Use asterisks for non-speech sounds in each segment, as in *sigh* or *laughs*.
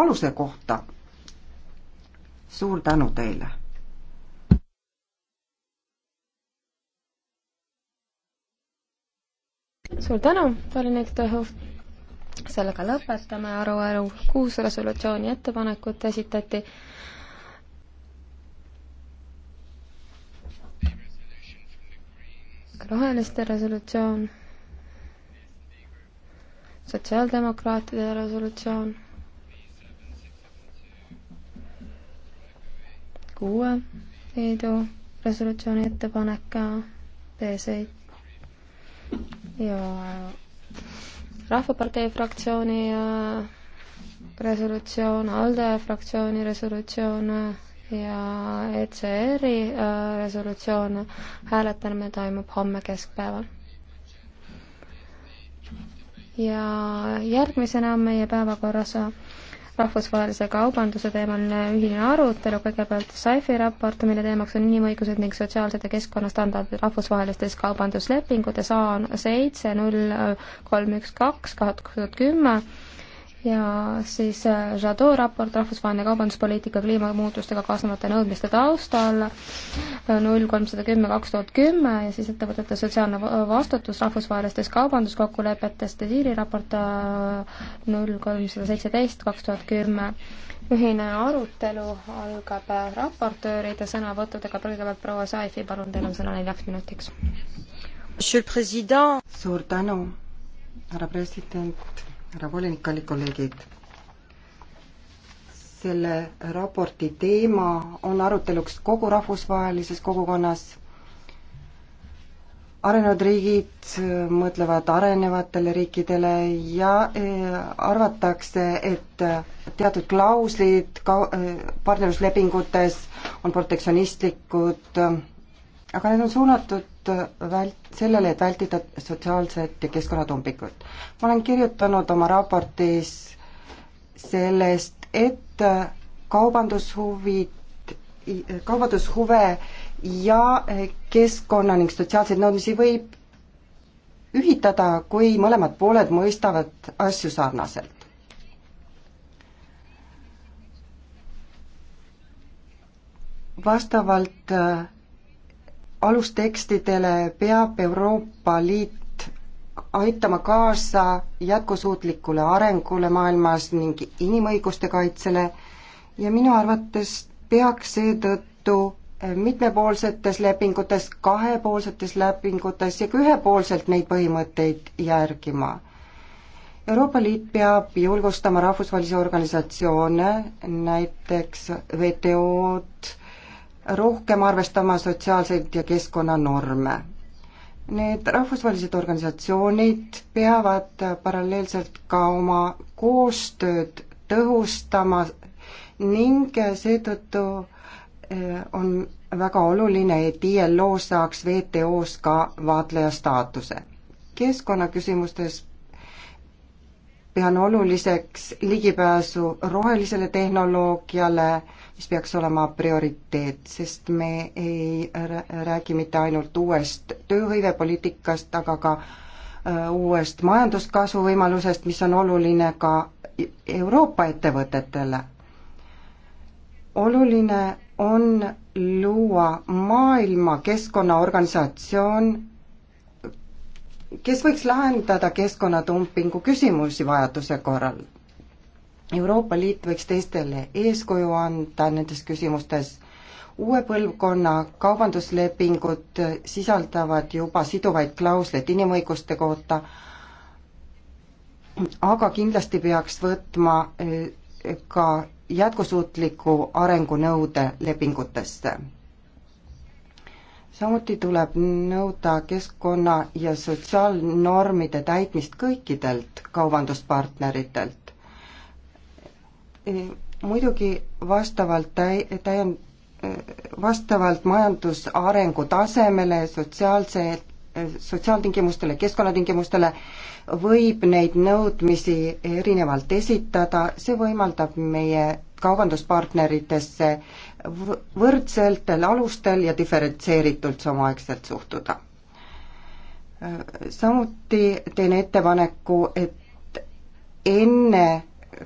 aluse kohta. suur tänu teile. suur tänu, Tallinna Ektohoov. sellega lõpetame aruelu, kuus resolutsiooni ettepanekut esitati roheliste resolutsioon, sotsiaaldemokraatide resolutsioon kuue liidu resolutsiooni ettepanek B7 ja Rahvapartei fraktsiooni äh, resolutsioon, ALDE fraktsiooni resolutsioon äh, ja ECR-i äh, resolutsioon hääletamine toimub homme keskpäeval ja järgmisena on meie päevakorras rahvusvahelise kaubanduse teemal ühine arutelu, kõigepealt SAIFi raport, mille teemaks on inimõigused ning sotsiaalsed ja keskkonnastandardid rahvusvahelistes kaubanduslepingutes A seitse null kolm üks kaks kahe tuhat kümme ja siis äh, Jadot raport Rahvusvaheline kaubanduspoliitika kliimamuutustega kaasnevate nõudmiste taustal äh, null kolmsada kümme kaks tuhat kümme ja siis ettevõtete sotsiaalne vastutus rahvusvahelistest kaubanduskokkulepetest ja Siiri raport äh, null kolmsada seitseteist kaks tuhat kümme. ühine arutelu algab raportööride sõnavõttudega, kõigepealt proua Saifi, palun, teil on sõna neljaks minutiks. suur tänu, härra president härra volinik, kallid kolleegid. selle raporti teema on aruteluks kogu rahvusvahelises kogukonnas. arenenud riigid mõtlevad arenevatele riikidele ja eh, arvatakse, et teatud klauslid ka eh, partnerluslepingutes on protektsionistlikud aga need on suunatud äh, vält-, sellele, et vältida sotsiaalset ja keskkonnatumbikut. ma olen kirjutanud oma raportis sellest, et äh, kaubandushuvid, äh, kaubandushuve ja keskkonna ning sotsiaalseid nõudmisi võib ühitada, kui mõlemad pooled mõistavad asju sarnaselt. vastavalt äh, alustekstidele peab Euroopa Liit aitama kaasa jätkusuutlikule arengule maailmas ning inimõiguste kaitsele ja minu arvates peaks seetõttu mitmepoolsetes lepingutes, kahepoolsetes lepingutes ja ka ühepoolselt neid põhimõtteid järgima. Euroopa Liit peab julgustama rahvusvahelisi organisatsioone, näiteks WTO-d, rohkem arvestama sotsiaalseid ja keskkonnanorme. Need rahvusvahelised organisatsioonid peavad paralleelselt ka oma koostööd tõhustama ning seetõttu eh, on väga oluline, et ILO saaks WTO-s ka vaatleja staatuse. keskkonnaküsimustes pean oluliseks ligipääsu rohelisele tehnoloogiale, mis peaks olema prioriteet, sest me ei räägi mitte ainult uuest tööhõivepoliitikast, aga ka äh, uuest majanduskasvu võimalusest, mis on oluline ka Euroopa ettevõtetele. oluline on luua maailma keskkonnaorganisatsioon, kes võiks lahendada keskkonnatumpingu küsimusi vajaduse korral Euroopa Liit võiks teistele eeskuju anda nendes küsimustes. uue põlvkonna kaubanduslepingud sisaldavad juba siduvaid klausleid inimõiguste kohta, aga kindlasti peaks võtma eh, ka jätkusuutliku arengu nõude lepingutesse. samuti tuleb nõuda keskkonna ja sotsiaalnormide täitmist kõikidelt kaubanduspartneritelt muidugi vastavalt täi-, täien-, vastavalt majandusarengu tasemele, sotsiaalse, sotsiaaltingimustele, keskkonnatingimustele võib neid nõudmisi erinevalt esitada, see võimaldab meie kaubanduspartneritesse võrdsetel alustel ja diferentseeritult samaaegselt suhtuda. samuti teen ettepaneku, et enne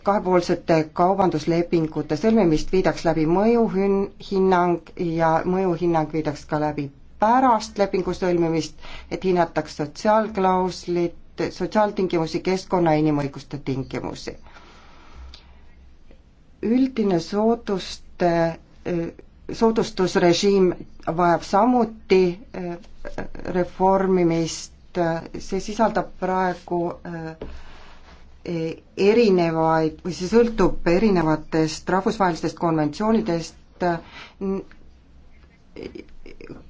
kahepoolsete kaubanduslepingute sõlmimist viidaks läbi mõjuhinnang ja mõjuhinnang viidaks ka läbi pärast lepingu sõlmimist, et hinnataks sotsiaalklauslit, sotsiaaltingimusi, keskkonna ja inimõiguste tingimusi. üldine sooduste, soodustusrežiim vajab samuti äh, reformimist, see sisaldab praegu äh, Eh, erinevaid või see sõltub erinevatest rahvusvahelistest konventsioonidest,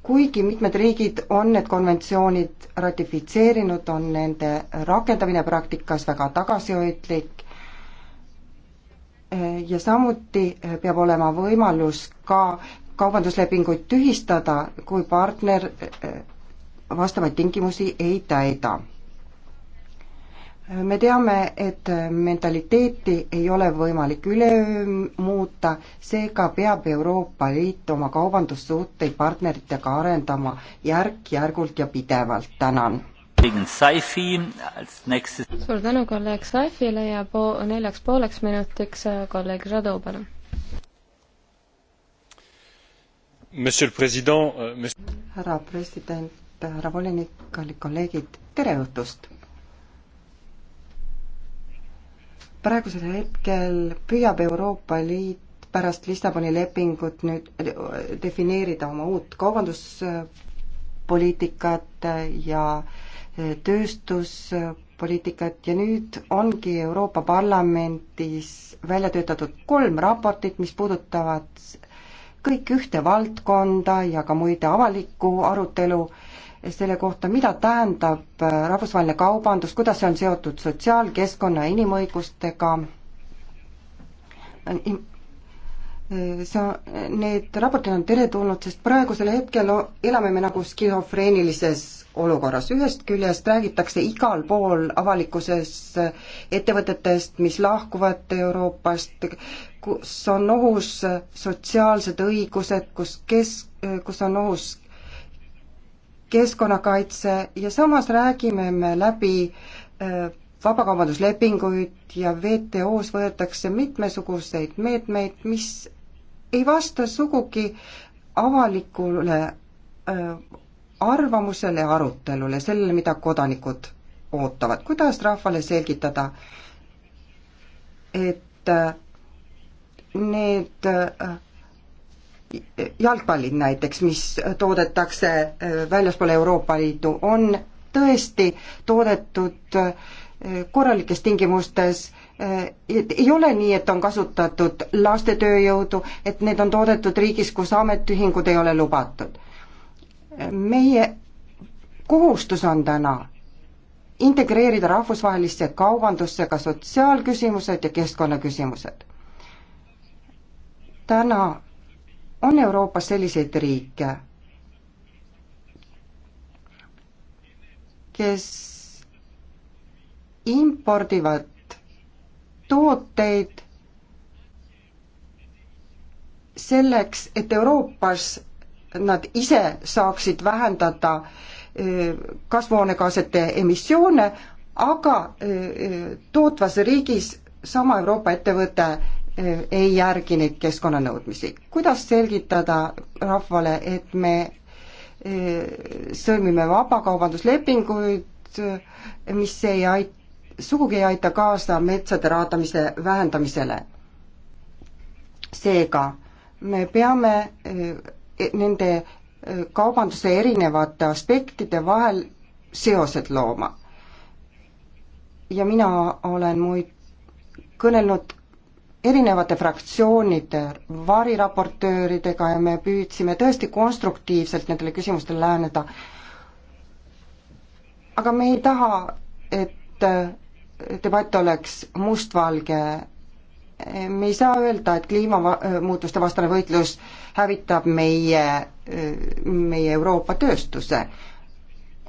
kuigi mitmed riigid on need konventsioonid ratifitseerinud, on nende rakendamine praktikas väga tagasihoidlik eh, ja samuti eh, peab olema võimalus ka kaubanduslepinguid tühistada, kui partner vastavaid tingimusi ei täida me teame, et mentaliteeti ei ole võimalik üleöö muuta, seega peab Euroopa Liit oma kaubandussuhteid partneritega arendama järk-järgult ja pidevalt, tänan. suur tänu kolleeg Saifile ja po-, neljaks pooleks minutiks äh, kolleeg Žado, palun. Euh, härra president, härra volinik, kallid kolleegid, tere õhtust! praegusel hetkel püüab Euroopa Liit pärast Lissaboni lepingut nüüd defineerida oma uut kaubanduspoliitikat ja e, tööstuspoliitikat ja nüüd ongi Euroopa Parlamendis välja töötatud kolm raportit, mis puudutavad kõik ühte valdkonda ja ka muide avalikku arutelu selle kohta, mida tähendab äh, rahvusvaheline kaubandus, kuidas see on seotud sotsiaalkeskkonna ja inimõigustega. Äh, äh, see on, need raportid on teretulnud, sest praegusel hetkel elame me nagu skisofreenilises olukorras, ühest küljest räägitakse igal pool avalikkuses ettevõtetest, mis lahkuvad Euroopast, kus on ohus sotsiaalsed õigused, kus kes, kus on ohus keskkonnakaitse ja samas räägime me läbi äh, vabakaubanduslepinguid ja WTO-s võetakse mitmesuguseid meetmeid, mis ei vasta sugugi avalikule äh, arvamusele ja arutelule, sellele, mida kodanikud ootavad. kuidas rahvale selgitada, et äh, need jalgpallid näiteks, mis toodetakse äh, väljaspool Euroopa Liitu, on tõesti toodetud äh, korralikes tingimustes, äh, et ei ole nii, et on kasutatud lastetööjõudu, et need on toodetud riigis, kus ametiühingud ei ole lubatud. meie kohustus on täna integreerida rahvusvahelisse kaubandusse ka sotsiaalküsimused ja keskkonnaküsimused. täna on Euroopas selliseid riike, kes impordivad tooteid selleks, et Euroopas nad ise saaksid vähendada eh, kasvuhoonegaasete emissioone, aga eh, eh, tootvas riigis sama Euroopa ettevõte ei järgi neid keskkonnanõudmisi. kuidas selgitada rahvale, et me e, sõlmime vabakaubanduslepinguid, mis ei ait-, sugugi ei aita kaasa metsade raadamise vähendamisele. seega me peame e, e, nende kaubanduse erinevate aspektide vahel seosed looma. ja mina olen muid kõnelnud erinevate fraktsioonide variraportööridega ja me püüdsime tõesti konstruktiivselt nendele küsimustele läheneda. aga me ei taha, et äh, debatt oleks mustvalge. Äh, me ei saa öelda, et kliimamuutuste vastane võitlus hävitab meie, äh, meie Euroopa tööstuse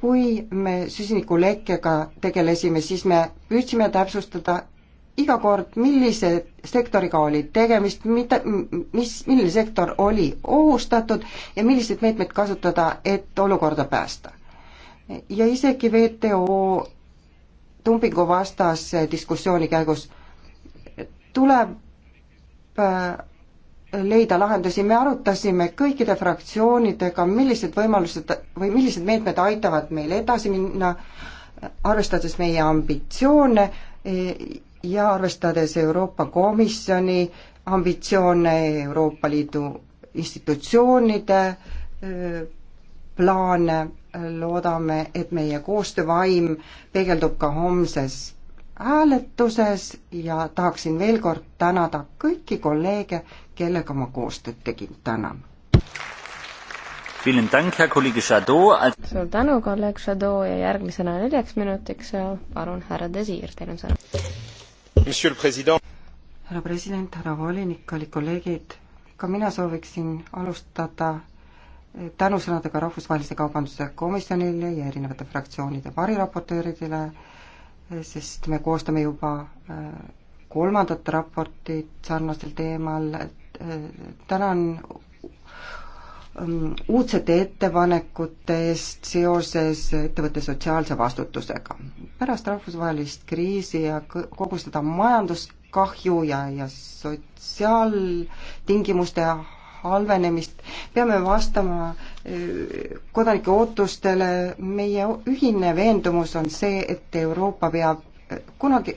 kui me süsinikulekkega tegelesime, siis me püüdsime täpsustada, iga kord, millise sektoriga oli tegemist, mida, mis, milline sektor oli ohustatud ja milliseid meetmeid kasutada, et olukorda päästa. ja isegi WTO dumpinguvastase diskussiooni käigus tuleb äh, leida lahendusi, me arutasime kõikide fraktsioonidega, millised võimalused või millised meetmed aitavad meil edasi minna, arvestades meie ambitsioone ja arvestades Euroopa Komisjoni ambitsioone, Euroopa Liidu institutsioonide plaane, loodame, et meie koostöövaim peegeldub ka homses hääletuses ja tahaksin veel kord tänada kõiki kolleege, kellega ma koostööd tegin, tänan. suur tänu, kolleeg Šadoo ja järgmisena neljaks minutiks palun härra Desir, teil on sõna härra president, härra volinik, kallid kolleegid, ka mina sooviksin alustada eh, tänusõnadega Rahvusvahelise Kaubanduse Komisjonile ja erinevate fraktsioonide variraportööridele, eh, sest me koostame juba eh, kolmandat raportit sarnasel teemal, tänan Ähm, uudsete ettepanekute eest seoses ettevõtte sotsiaalse vastutusega. pärast rahvusvahelist kriisi ja kogu seda majanduskahju ja, ja sotsiaaltingimuste halvenemist, peame vastama äh, kodanike ootustele, meie ühine veendumus on see, et Euroopa peab kunagi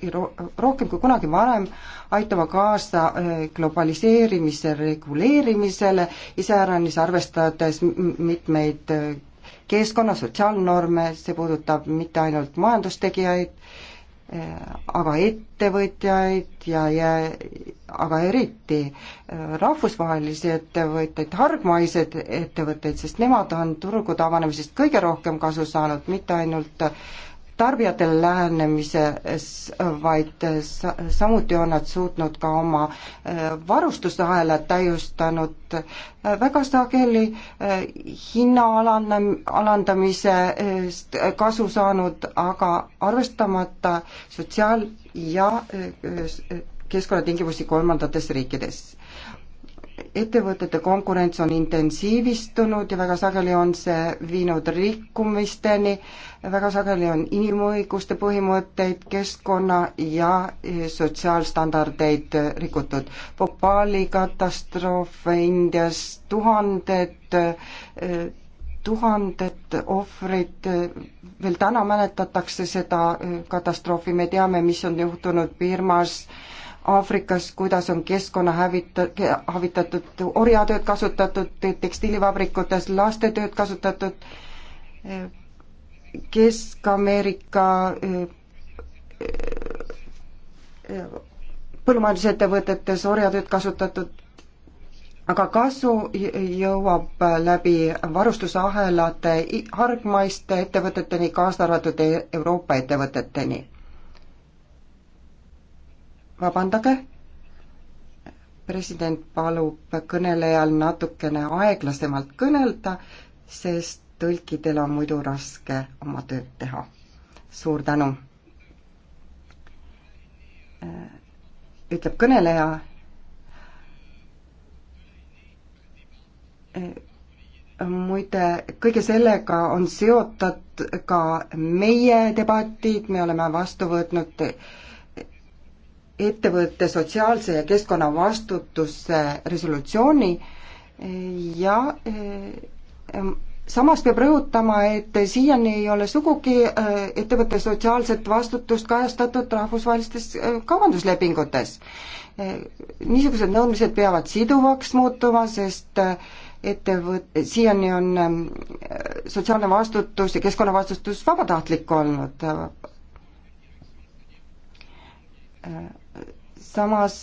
rohkem kui kunagi varem aitama kaasa äh, globaliseerimise reguleerimisele, iseäranis arvestades mitmeid äh, keskkonna sotsiaalnorme, see puudutab mitte ainult majandustegijaid, äh, aga ettevõtjaid ja, ja aga eriti rahvusvahelisi ettevõtteid, hargmaised ettevõtteid, sest nemad on turgude avanemisest kõige rohkem kasu saanud, mitte ainult tarbijatele lähenemises, vaid sa-, samuti on nad suutnud ka oma äh, varustusahelat täiustanud, äh, väga sageli äh, hinna alane, alandamisest kasu saanud, aga arvestamata sotsiaal- ja keskkonnatingimusi kolmandates riikides ettevõtete konkurents on intensiivistunud ja väga sageli on see viinud rikkumisteni, väga sageli on inimõiguste põhimõtteid, keskkonna ja eh, sotsiaalstandardeid eh, rikutud. Bhopali katastroof Indias, tuhanded, eh, tuhanded ohvrid, veel täna mäletatakse seda katastroofi, me teame, mis on juhtunud Birmas, Aafrikas, kuidas on keskkonna hävita-, hävitatud, orjatööd kasutatud, tekstiilivabrikutes lastetööd kasutatud, Kesk-Ameerika eh, eh, põllumajandusettevõtetes orjatööd kasutatud, aga kasu jõuab läbi varustusahelate hargmaiste ettevõteteni, kaasa arvatud e-, Euroopa ettevõteteni vabandage, president palub kõnelejal natukene aeglasemalt kõnelda, sest tõlkidel on muidu raske oma tööd teha. suur tänu! Äh, ütleb kõneleja. Äh, muide, kõige sellega on seotud ka meie debatid, me oleme vastu võtnud ettevõtte sotsiaalse ja keskkonnavastutuse resolutsiooni ja eh, samas peab rõhutama, et siiani ei ole sugugi eh, ettevõtte sotsiaalset vastutust kajastatud rahvusvahelistes eh, kaubanduslepingutes. niisugused nõudmised peavad siduvaks muutuma, sest ettevõt-, siiani on sotsiaalne vastutus ja keskkonnavastutus vabatahtlik olnud samas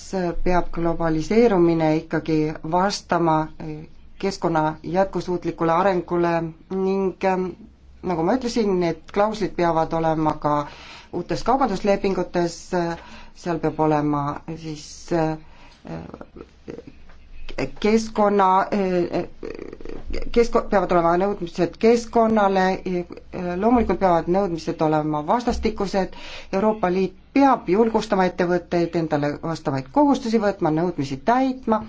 peab globaliseerumine ikkagi vastama keskkonna jätkusuutlikule arengule ning ähm, nagu ma ütlesin, need klauslid peavad olema ka uutes kaubanduslepingutes, äh, seal peab olema siis äh, keskkonna, kesk-, peavad olema nõudmised keskkonnale, loomulikult peavad nõudmised olema vastastikused, Euroopa Liit peab julgustama ettevõtteid endale vastavaid kohustusi võtma, nõudmisi täitma,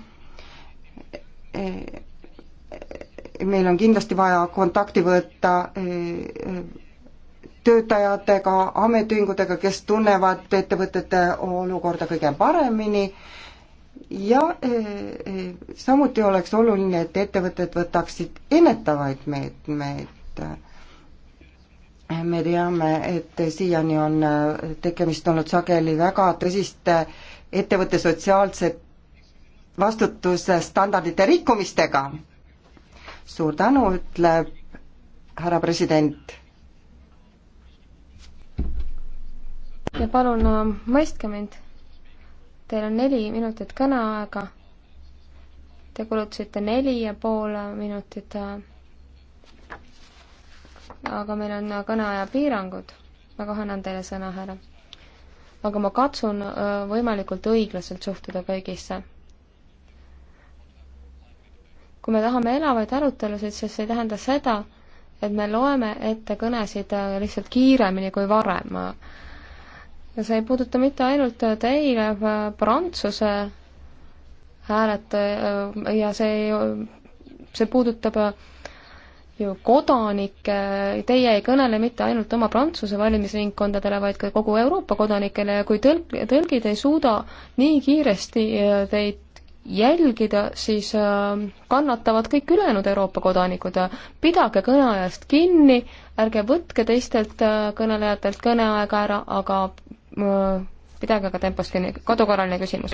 meil on kindlasti vaja kontakti võtta eh, töötajatega, ametiühingutega, kes tunnevad ettevõtete olukorda kõige paremini, ja e, e, samuti oleks oluline, et ettevõtted võtaksid ennetavaid meetmeid. me teame, et siiani on tegemist olnud sageli väga tõsiste ettevõtte sotsiaalse vastutuse standardite rikkumistega. suur tänu, ütleb härra president ja palun äh, mõistke mind. Teil on neli minutit kõneaega. Te kulutasite neli ja pool minutit. Äh, aga meil on äh, kõneaja piirangud. ma kohe annan teile sõna, härra. aga ma katsun äh, võimalikult õiglaselt suhtuda kõigisse. kui me tahame elavaid arutelusid, siis see ei tähenda seda, et me loeme ette kõnesid lihtsalt kiiremini kui varem ja see ei puuduta mitte ainult teile, Prantsuse hääletaja äh, ja see, see puudutab äh, ju kodanikke, teie ei kõnele mitte ainult oma Prantsuse valimisringkondadele, vaid ka kogu Euroopa kodanikele ja kui tõlk, tõlgid ei suuda nii kiiresti äh, teid jälgida, siis kannatavad kõik ülejäänud Euroopa kodanikud. pidage kõneajast kinni, ärge võtke teistelt kõnelejatelt kõneaega ära, aga pidage aga tempost kinni, kodukorraline küsimus.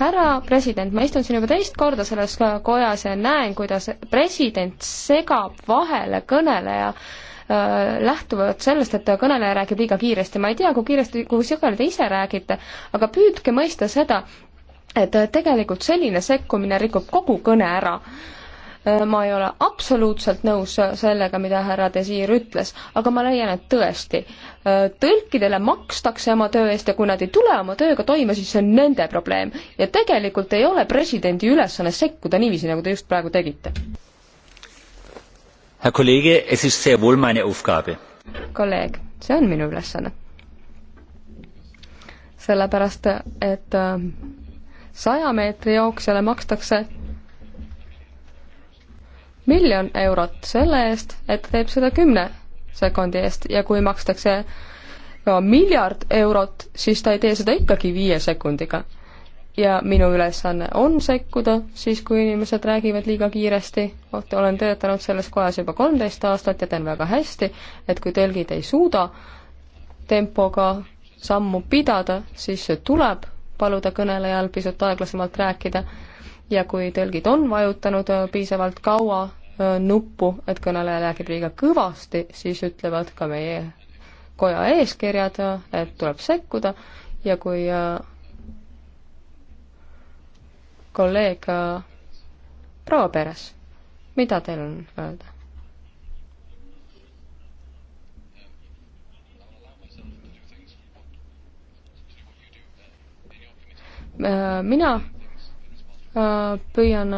härra president, ma istun siin juba teist korda selles kojas ja näen, kuidas president segab vahele kõneleja äh, lähtuvalt sellest, et kõneleja räägib liiga kiiresti, ma ei tea, kui kiiresti, kui sõgel te ise räägite, aga püüdke mõista seda, et tegelikult selline sekkumine rikub kogu kõne ära Äh, ma ei ole absoluutselt nõus äh, sellega, mida härra Desir ütles, aga ma leian, et tõesti, äh, tõlkidele makstakse oma töö eest ja kui nad ei tule oma tööga toime, siis see on nende probleem. ja tegelikult ei ole presidendi ülesanne sekkuda niiviisi, nagu te just praegu tegite. Herr Kollege, es ist sehr wohl meine Aufgabe. kolleeg, see on minu ülesanne. sellepärast, et saja meetri jooksjale makstakse miljon eurot selle eest, et ta teeb seda kümne sekundi eest ja kui makstakse ka miljard eurot, siis ta ei tee seda ikkagi viie sekundiga. ja minu ülesanne on sekkuda siis, kui inimesed räägivad liiga kiiresti, olen töötanud selles kojas juba kolmteist aastat ja teen väga hästi, et kui tõlgid ei suuda tempoga sammu pidada, siis tuleb paluda kõnelejal pisut aeglasemalt rääkida ja kui tõlgid on vajutanud piisavalt kaua Äh, nuppu, et kõneleja räägib liiga kõvasti, siis ütlevad ka meie koja eeskirjad, et tuleb sekkuda ja kui äh, kolleeg äh, proua Peres, mida teil on öelda? mina püüan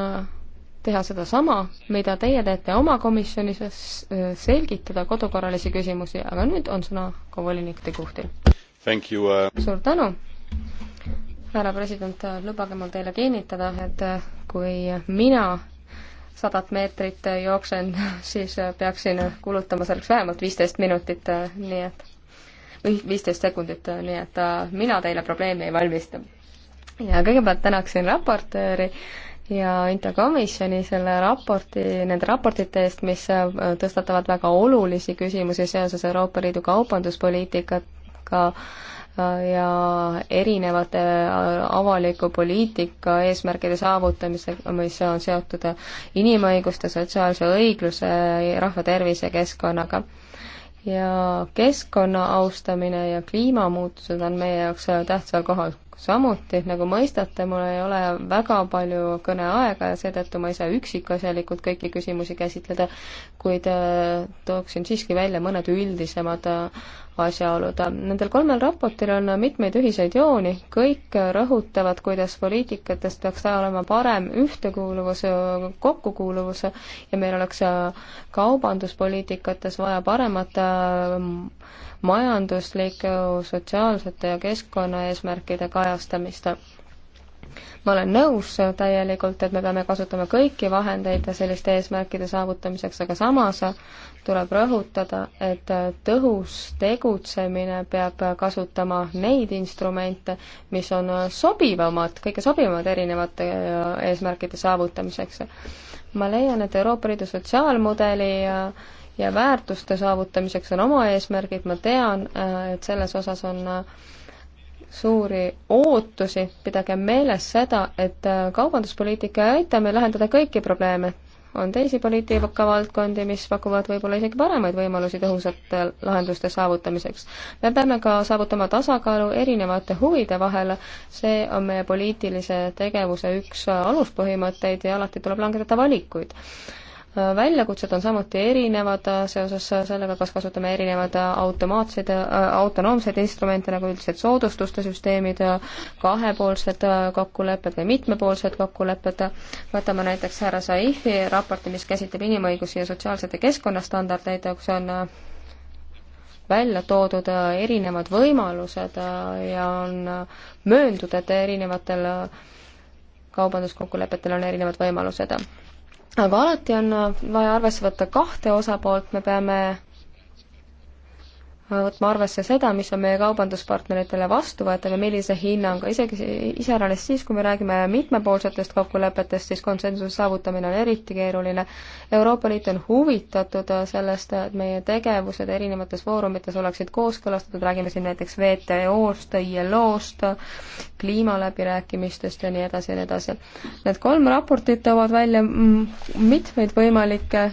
teha sedasama, mida teie teete oma komisjonis, äh, selgitada kodukorralisi küsimusi, aga nüüd on sõna ka volinik De Guhtil. Uh... suur tänu, härra president, lubage mul teile kinnitada, et äh, kui mina sadat meetrit jooksen, *laughs* siis äh, peaksin kulutama selleks vähemalt viisteist minutit, nii et või viisteist sekundit, nii et mina teile probleemi ei valmista. ja kõigepealt tänaksin raportööri ja Interkomisjoni selle raporti, nende raportite eest, mis äh, tõstatavad väga olulisi küsimusi seoses Euroopa Liidu kaubanduspoliitikaga äh, ja erinevate äh, avaliku poliitika eesmärkide saavutamisega, mis on seotud inimõiguste, sotsiaalse õigluse, rahvatervise ja keskkonnaga. ja keskkonna austamine ja kliimamuutused on meie jaoks tähtsal kohal samuti, nagu mõistate, mul ei ole väga palju kõneaega ja seetõttu ma ei saa üksikasjalikult kõiki küsimusi käsitleda, kuid äh, tooksin siiski välja mõned üldisemad äh, asjaolud. Nendel kolmel raportil on mitmeid ühiseid jooni, kõik rõhutavad, kuidas poliitikates peaks olema parem ühtekuuluvus, äh, kokkukuuluvus ja meil oleks kaubanduspoliitikates vaja paremat majanduslike, sotsiaalsete ja keskkonnaeesmärkide kajastamist. ma olen nõus täielikult, et me peame kasutama kõiki vahendeid selliste eesmärkide saavutamiseks, aga samas tuleb rõhutada, et tõhus tegutsemine peab kasutama neid instrumente, mis on sobivamad, kõige sobivamad erinevate äh, eesmärkide saavutamiseks. ma leian, et Euroopa Liidu sotsiaalmudeli äh, ja väärtuste saavutamiseks on oma eesmärgid, ma tean, äh, et selles osas on äh, suuri ootusi, pidage meeles seda, et äh, kaubanduspoliitika ei aita meil lahendada kõiki probleeme. on teisi poliitika valdkondi, mis pakuvad võib-olla isegi paremaid võimalusi tõhusate lahenduste saavutamiseks. me peame ka saavutama tasakaalu erinevate huvide vahel, see on meie poliitilise tegevuse üks aluspõhimõtteid ja alati tuleb langetada valikuid väljakutsed on samuti erinevad äh, seoses äh, sellega, kas kasutame erinevaid äh, automaatseid, autonoomseid instrumente nagu üldiselt soodustuste süsteemid, kahepoolsed kokkulepped või mitmepoolsed kokkulepped. võtame näiteks härra Saifi raporti, mis käsitleb inimõigusi ja sotsiaalsete keskkonnastandardeid, kus on välja toodud erinevad võimalused ja on mööndud, et erinevatel kaubanduskokkulepetel on erinevad võimalused aga alati on vaja arvesse võtta kahte osapoolt, me peame võtma arvesse seda, mis on meie kaubanduspartneritele vastuvõetav ja millise hinnanga, isegi iseäranis siis, kui me räägime mitmepoolsetest kokkulepetest, siis konsensuse saavutamine on eriti keeruline. Euroopa Liit on huvitatud sellest, et meie tegevused erinevates foorumites oleksid kooskõlastatud, räägime siin näiteks WTO-st, ILO-st, kliimaläbirääkimistest ja nii edasi ja nii edasi. Need kolm raportit toovad välja mitmeid võimalikke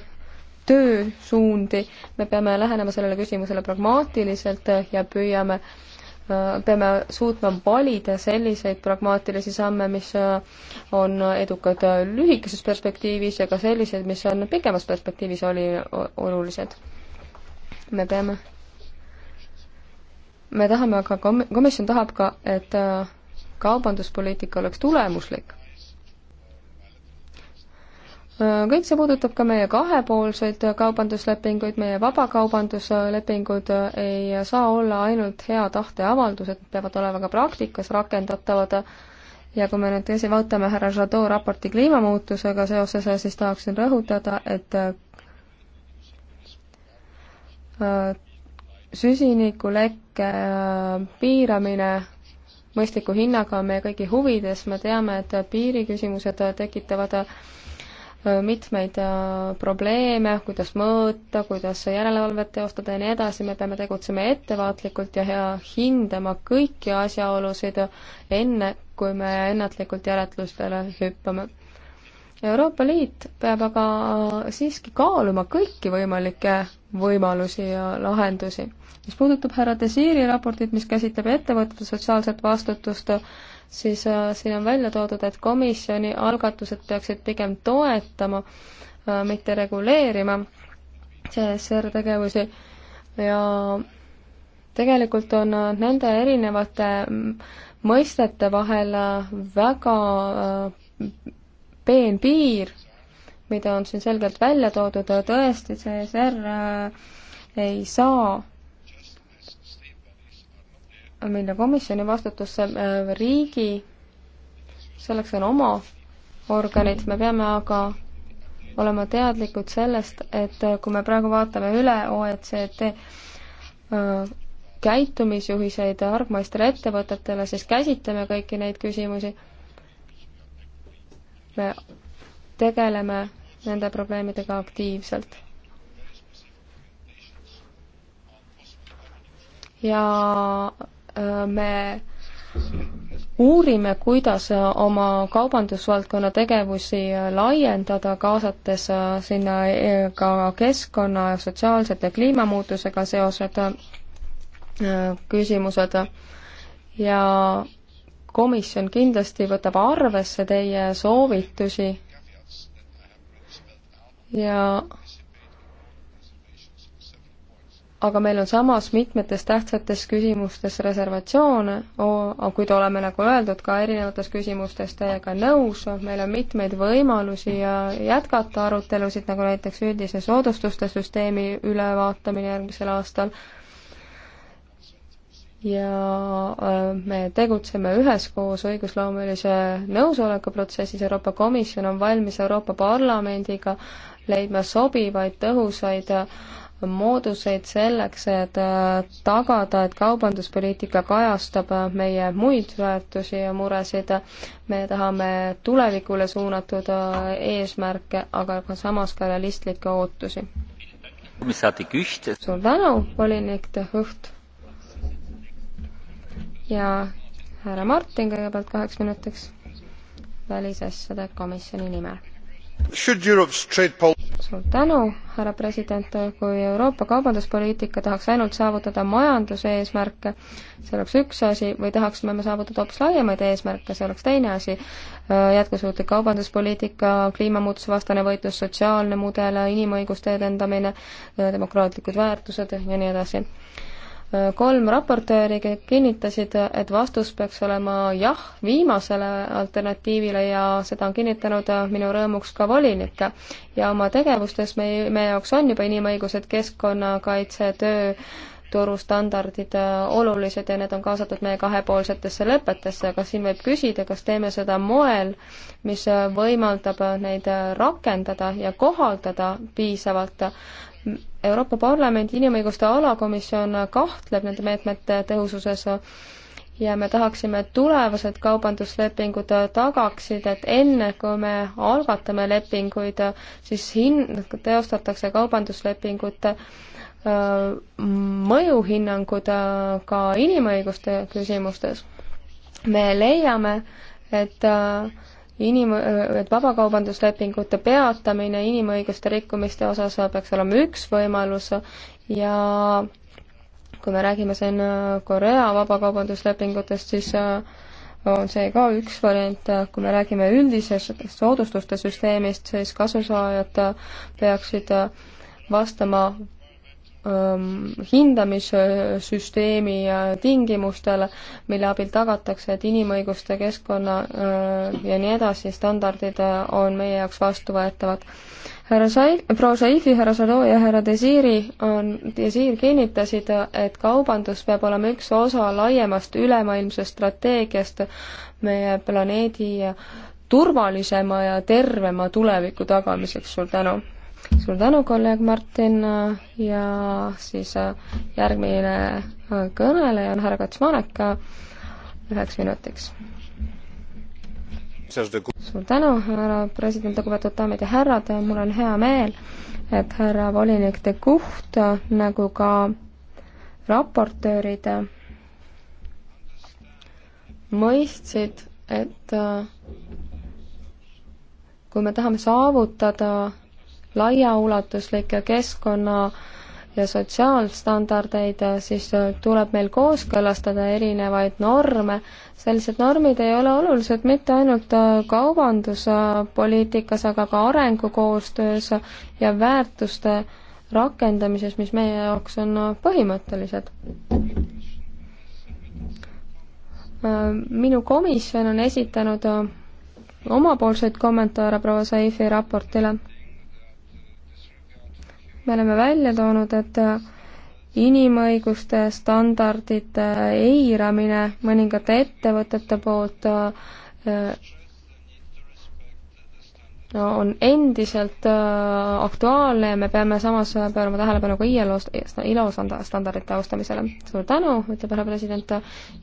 töösuundi, me peame lähenema sellele küsimusele pragmaatiliselt ja püüame, äh, peame suutma valida selliseid pragmaatilisi samme, mis äh, on edukad lühikeses perspektiivis ja ka sellised, mis on pikemas perspektiivis oli olulised. me peame, me tahame aga, komisjon tahab ka, et äh, kaubanduspoliitika oleks tulemuslik kõik see puudutab ka meie kahepoolseid kaubanduslepinguid, meie vabakaubanduslepingud ei saa olla ainult hea tahte avaldused, peavad olema ka praktikas rakendatavad ja kui me nüüd tõsi vaatame härra Jadot raporti kliimamuutusega seoses, siis tahaksin rõhutada, et äh, süsinikulekke äh, piiramine mõistliku hinnaga on meie kõigi huvides, me teame, et piiriküsimused tekitavad äh, mitmeid äh, probleeme, kuidas mõõta, kuidas järelevalvet teostada ja nii edasi, me peame tegutsema ettevaatlikult ja hea hindama kõiki asjaolusid enne, kui me ennatlikult järeldustele hüppame. Euroopa Liit peab aga siiski kaaluma kõiki võimalikke võimalusi ja lahendusi. mis puudutab härra Desiri raportit, mis käsitleb ettevõtete sotsiaalset vastutust, siis äh, siin on välja toodud, et komisjoni algatused peaksid pigem toetama, äh, mitte reguleerima CSR tegevusi ja tegelikult on äh, nende erinevate mm, mõistete vahel väga peen piir, mida on siin selgelt välja toodud, tõesti, CSR ei saa minna komisjoni vastutusse äh, riigi, selleks on oma organid, me peame aga olema teadlikud sellest, et äh, kui me praegu vaatame üle OECD äh, käitumisjuhiseid argmaistele ettevõtetele, siis käsitleme kõiki neid küsimusi. me tegeleme nende probleemidega aktiivselt. ja Äh, me uurime, kuidas äh, oma kaubandusvaldkonna tegevusi äh, laiendada, kaasates sinna ka keskkonna ja sotsiaalsed ja kliimamuutusega seosed küsimused ja komisjon kindlasti võtab arvesse teie soovitusi ja aga meil on samas mitmetes tähtsates küsimustes reservatsioone, kuid oleme, nagu öeldud, ka erinevates küsimustes teiega nõus, meil on mitmeid võimalusi ja jätkata arutelusid, nagu näiteks üldise soodustuste süsteemi ülevaatamine järgmisel aastal, ja äh, me tegutseme üheskoos õigusloomelise nõusoleku protsessis, Euroopa Komisjon on valmis Euroopa Parlamendiga leidma sobivaid tõhusaid mooduseid selleks, et äh, tagada, et kaubanduspoliitika kajastab äh, meie muid väärtusi ja muresid. me tahame tulevikule suunatud äh, eesmärke, aga ka samas ka realistlikke ootusi. suur tänu, volinik De Hõht. ja härra Martin kõigepealt kaheks minutiks välisasjade komisjoni nimel suur tänu, härra president, kui Euroopa kaubanduspoliitika tahaks ainult saavutada majanduse eesmärke, see oleks üks asi, või tahaksime me saavutada hoopis laiemaid eesmärke, see oleks teine asi, jätkusuutlik kaubanduspoliitika, kliimamuutusevastane võitlus, sotsiaalne mudel, inimõiguste edendamine, demokraatlikud väärtused ja nii edasi kolm raportööri kinnitasid, et vastus peaks olema jah viimasele alternatiivile ja seda on kinnitanud minu rõõmuks ka volinik. ja oma tegevustes me, meie jaoks on juba inimõigused, keskkonnakaitse, töö, turustandardid äh, olulised ja need on kaasatud meie kahepoolsetesse lepetesse, aga siin võib küsida, kas teeme seda moel, mis äh, võimaldab äh, neid rakendada ja kohaldada piisavalt. Euroopa Parlamendi inimõiguste alakomisjon kahtleb nende meetmete tõhususes ja me tahaksime, et tulevased kaubanduslepingud tagaksid, et enne, kui me algatame lepinguid, siis hin-, teostatakse kaubanduslepingute Äh, mõjuhinnangud äh, ka inimõiguste küsimustes. me leiame, et äh, inim-, et vabakaubanduslepingute peatamine inimõiguste rikkumiste osas peaks olema üks võimalus ja kui me räägime siin Korea vabakaubanduslepingutest, siis on see ka üks variant, kui me räägime üldisest soodustuste süsteemist, siis kasusaajad peaksid vastama Ähm, hindamissüsteemi tingimustele, mille abil tagatakse, et inimõiguste keskkonna äh, ja nii edasi standardid äh, on meie jaoks vastuvõetavad. härra Sai-, proua Saifi, härra Salo ja härra Desiri on, Desir kinnitasid, et kaubandus peab olema üks osa laiemast ülemaailmsest strateegiast meie planeedi turvalisema ja tervema tuleviku tagamiseks. suur tänu! suur tänu, kolleeg Martin ja siis äh, järgmine äh, kõneleja on härra Katsmanek äh, üheks minutiks. suur tänu, härra president, lugupeetud daamid ja härrad, mul on hea meel, et härra volinik de Kuht nagu ka raportöörid mõistsid, et kui me tahame saavutada laiaulatuslikke keskkonna ja sotsiaalstandardeid, siis tuleb meil kooskõlastada erinevaid norme. sellised normid ei ole olulised mitte ainult kaubanduspoliitikas, aga ka arengukoostöös ja väärtuste rakendamises, mis meie jaoks on põhimõttelised. minu komisjon on esitanud omapoolseid kommentaare proua Saifi raportile me oleme välja toonud, et inimõiguste standardite eiramine mõningate ettevõtete poolt no, äh, on endiselt äh, aktuaalne ja me peame samas pöörama tähelepanu ka ILO, ILO standardite austamisele. suur tänu, ütleb härra president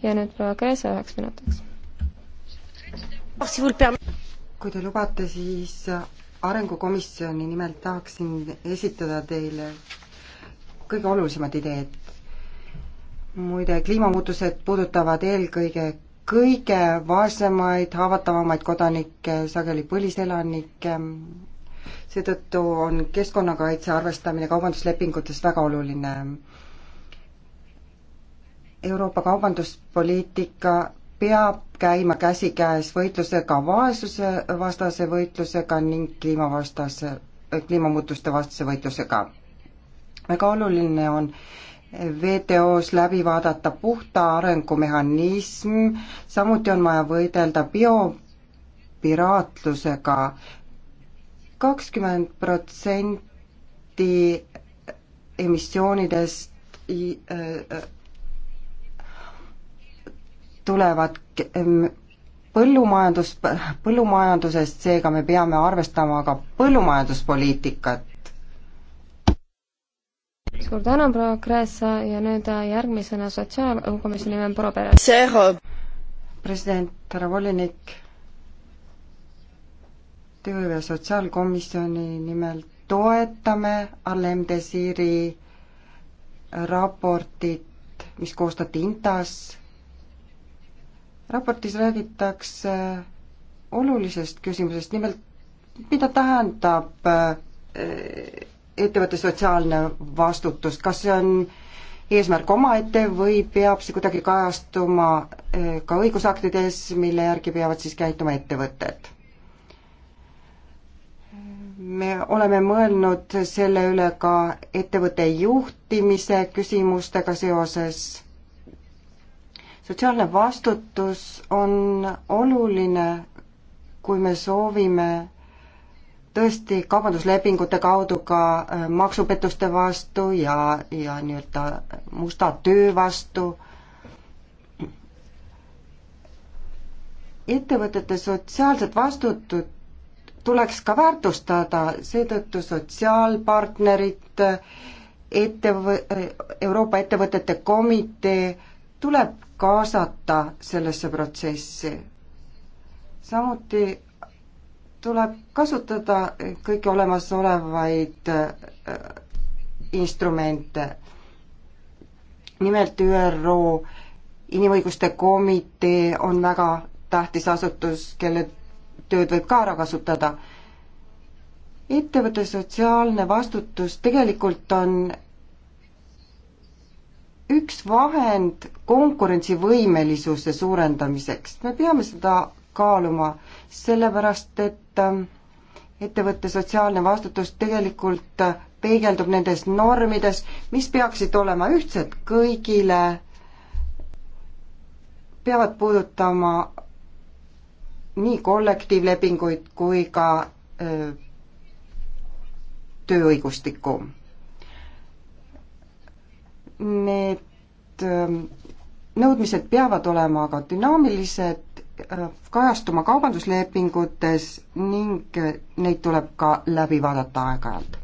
ja nüüd proua Kreese üheks minutiks. kui te lubate, siis arengukomisjoni nimelt tahaksin esitada teile kõige olulisemad ideed. muide, kliimamuutused puudutavad eelkõige kõige vaesemaid, haavatavamaid kodanikke, sageli põliselanikke, seetõttu on keskkonnakaitse arvestamine kaubanduslepingutes väga oluline. Euroopa kaubanduspoliitika peab käima käsikäes võitlusega vaesuse vastase võitlusega ning kliimavastase, kliimamuutuste vastase võitlusega. väga oluline on WTO-s läbi vaadata puhta arengumehhanism, samuti on vaja võidelda biopiraatlusega. kakskümmend protsenti emissioonidest äh, äh, tulevad põllumajandus, põllumajandusest, seega me peame arvestama ka põllumajanduspoliitikat. suur tänu, proua Kreesa ja nüüd järgmisena sotsiaalkomisjoni nimel proua Pere. president, härra volinik, töö- ja sotsiaalkomisjoni nimel toetame Arlem Desiri raportit, mis koostati Intas raportis räägitakse olulisest küsimusest, nimelt mida tähendab äh, ettevõtte sotsiaalne vastutus, kas see on eesmärk omaette või peab see kuidagi kajastuma äh, ka õigusaktides, mille järgi peavad siis käituma ettevõtted? me oleme mõelnud selle üle ka ettevõtte juhtimise küsimustega seoses sotsiaalne vastutus on oluline, kui me soovime tõesti kaubanduslepingute kaudu ka äh, maksupettuste vastu ja, ja nii-öelda musta töö vastu. ettevõtete sotsiaalset vastutut tuleks ka väärtustada, seetõttu sotsiaalpartnerid, ettevõ-, Euroopa Ettevõtete Komitee tuleb kaasata sellesse protsessi. samuti tuleb kasutada kõiki olemasolevaid äh, instrumente. nimelt ÜRO Inimõiguste Komitee on väga tähtis asutus, kelle tööd võib ka ära kasutada. ettevõtte sotsiaalne vastutus tegelikult on üks vahend konkurentsivõimelisuse suurendamiseks. me peame seda kaaluma, sellepärast et ähm, ettevõtte sotsiaalne vastutus tegelikult äh, peegeldub nendes normides, mis peaksid olema ühtsed kõigile, peavad puudutama nii kollektiivlepinguid kui ka öö, äh, tööõigustikku need ähm, nõudmised peavad olema aga dünaamilised, äh, kajastuma kaubanduslepingutes ning äh, neid tuleb ka läbi vaadata aeg-ajalt.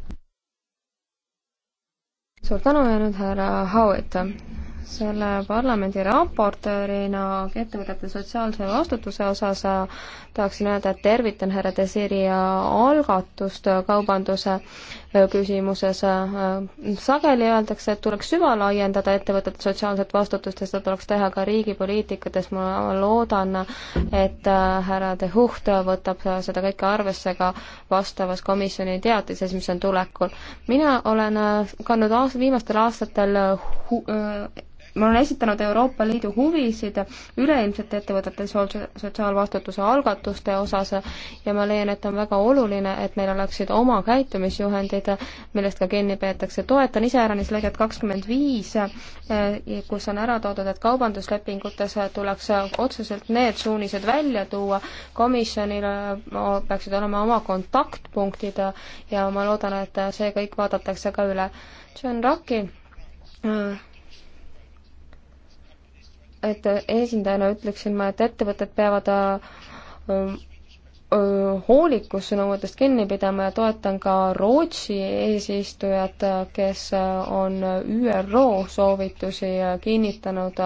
suur tänu ja nüüd härra Howitt. selle parlamendi raportöörina ettevõtete sotsiaalse vastutuse osas äh, tahaksin öelda, et tervitan härra Desiri algatust kaubanduse äh, küsimuses. Äh, sageli öeldakse, et tuleks süvalaiendada ettevõtete sotsiaalset vastutust ja seda tuleks teha ka riigi poliitikates. ma loodan, et äh, härra De Hucht võtab seda kõike arvesse ka vastavas komisjoni teatises, mis on tulekul. mina olen äh, kandnud aast-, viimastel aastatel hu-, ma olen esitanud Euroopa Liidu huvisid üleilmsete ettevõtete sotsiaalvastutuse algatuste osas ja ma leian, et on väga oluline, et meil oleksid oma käitumisjuhendid, millest ka kinni peetakse. toetan iseäranis lõiget kakskümmend viis, eh, kus on ära toodud, et kaubanduslepingutes tuleks otseselt need suunised välja tuua, komisjonil eh, peaksid olema oma kontaktpunktid ja ma loodan, et see kõik vaadatakse ka üle. John Rocki eh, et esindajana ütleksin ma, et ettevõtted peavad ähm, äh, hoolikusnõuetest kinni pidama ja toetan ka Rootsi eesistujat, kes on ÜRO soovitusi kinnitanud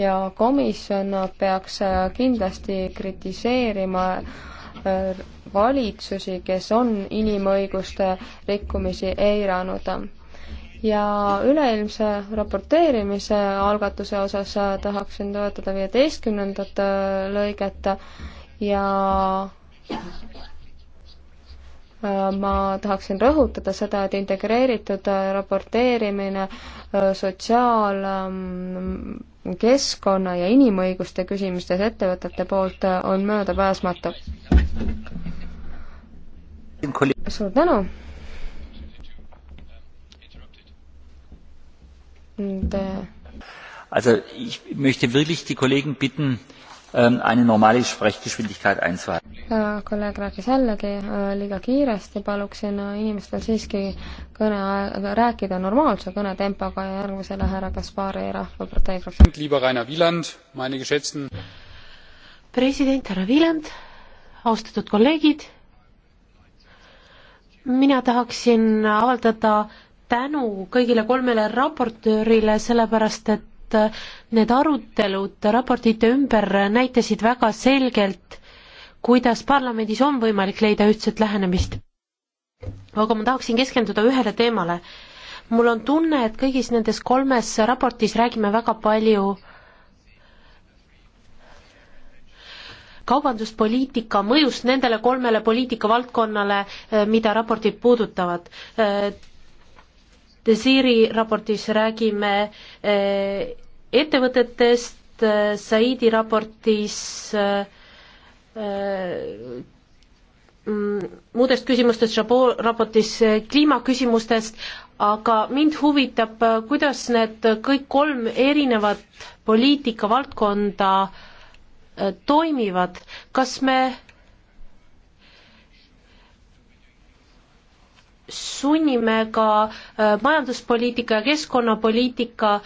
ja komisjon peaks kindlasti kritiseerima äh, valitsusi, kes on inimõiguste rikkumisi eiranud ja üleilmse raporteerimise algatuse osas äh, tahaksin toetada viieteistkümnendat äh, lõiget ja äh, ma tahaksin rõhutada seda, et integreeritud raporteerimine sotsiaal, ähm, keskkonna ja inimõiguste küsimustes ettevõtete poolt on möödapääsmatu. suur tänu! Te... Äh, also ich möchte wirklich die Kollegen bitten, ähm, eine normale Sprechgeschwindigkeit einzuhalten. Äh, kolleeg rääkis jällegi äh, liiga kiiresti, paluksin inimestel siiski kõne, rääkida normaalse kõnetempoga ja järgmisele härra Kaspari Rahvapartei fraktsioon. president härra Viljand, austatud kolleegid, mina tahaksin avaldada tänu kõigile kolmele raportöörile, sellepärast et need arutelud raportite ümber näitasid väga selgelt, kuidas parlamendis on võimalik leida ühtset lähenemist. aga ma tahaksin keskenduda ühele teemale. mul on tunne, et kõigis nendes kolmes raportis räägime väga palju kaubanduspoliitika mõjust nendele kolmele poliitikavaldkonnale, mida raportid puudutavad Desiri raportis räägime eh, ettevõtetest, eh, Saidi raportis eh, mm, muudest küsimustest, Chabot raportis kliimaküsimustest, aga mind huvitab, kuidas need kõik kolm erinevat poliitikavaldkonda toimivad, kas me sunnime ka äh, majanduspoliitika ja keskkonnapoliitika äh,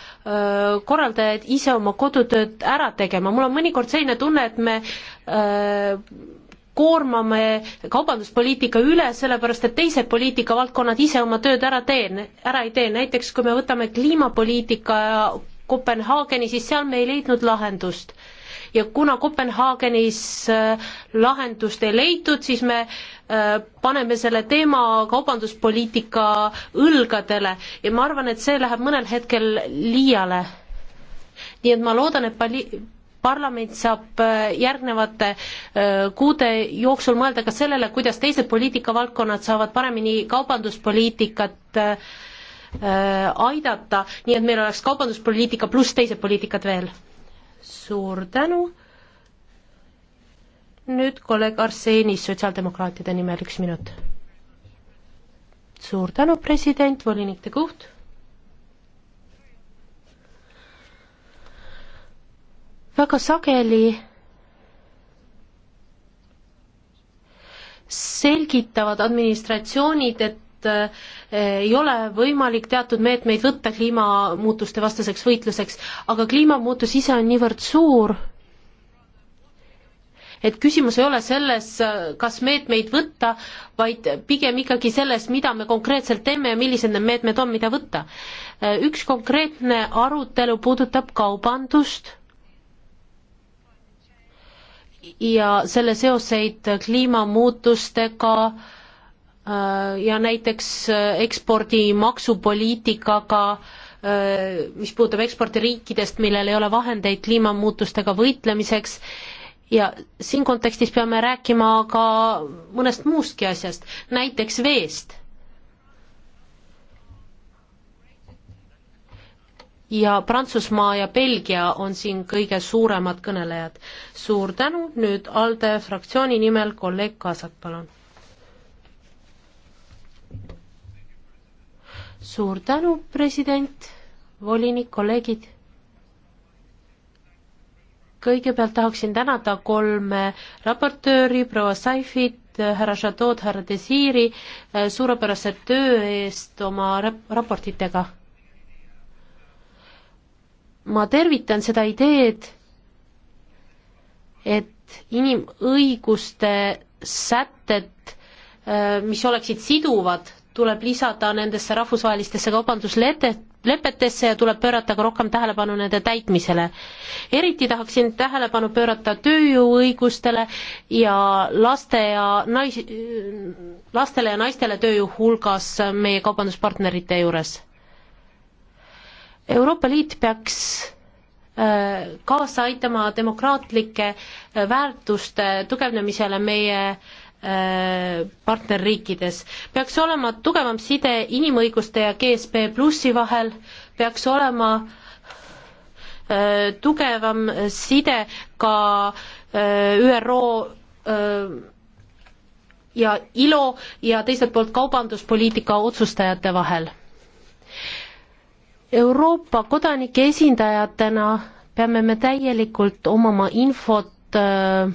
korraldajaid ise oma kodutööd ära tegema, mul on mõnikord selline tunne, et me äh, koormame kaubanduspoliitika üle, sellepärast et teised poliitikavaldkonnad ise oma tööd ära teen, ära ei tee, näiteks kui me võtame kliimapoliitika ja Kopenhaageni, siis seal me ei leidnud lahendust ja kuna Kopenhaagenis äh, lahendust ei leitud, siis me äh, paneme selle teema kaubanduspoliitika õlgadele ja ma arvan, et see läheb mõnel hetkel liiale. nii et ma loodan, et pali-, parlament saab äh, järgnevate kuude jooksul mõelda ka sellele, kuidas teised poliitikavaldkonnad saavad paremini kaubanduspoliitikat aidata, nii et meil oleks kaubanduspoliitika pluss teised poliitikad veel suur tänu. nüüd kolleeg Arsenis sotsiaaldemokraatide nimel üks minut. suur tänu, president, volinik de Gucht. väga sageli selgitavad administratsioonid, et et eh, ei ole võimalik teatud meetmeid võtta kliimamuutuste vastaseks võitluseks, aga kliimamuutus ise on niivõrd suur, et küsimus ei ole selles, kas meetmeid võtta, vaid pigem ikkagi selles, mida me konkreetselt teeme ja millised need meetmed on, mida võtta. Eh, üks konkreetne arutelu puudutab kaubandust ja selle seoseid kliimamuutustega äh, Äh, ja näiteks äh, ekspordimaksupoliitikaga, äh, mis puudutab eksporti riikidest, millel ei ole vahendeid kliimamuutustega võitlemiseks ja siin kontekstis peame rääkima ka mõnest muustki asjast, näiteks veest. ja Prantsusmaa ja Belgia on siin kõige suuremad kõnelejad. suur tänu, nüüd ALDE fraktsiooni nimel kolleeg Kaasak, palun suur tänu, president, volinik, kolleegid. kõigepealt tahaksin tänada kolme raportööri, proua Saifit, härra Chateau'd, härra Desiri eh, suurepärase töö eest oma raportitega. ma tervitan seda ideed, et inimõiguste sätted, eh, mis oleksid siduvad, tuleb lisada nendesse rahvusvahelistesse kaubanduslepetesse ja tuleb pöörata ka rohkem tähelepanu nende täitmisele. eriti tahaksin tähelepanu pöörata tööjõuõigustele ja laste ja nais-, lastele ja naistele tööjõu hulgas meie kaubanduspartnerite juures. Euroopa Liit peaks äh, kaasa aitama demokraatlike väärtuste tugevnemisele meie äh, Äh, partnerriikides. peaks olema tugevam side inimõiguste ja GSP plussi vahel, peaks olema äh, tugevam side ka äh, ÜRO ja ILO ja teiselt poolt kaubanduspoliitika otsustajate vahel. Euroopa kodanike esindajatena peame me täielikult omama infot äh,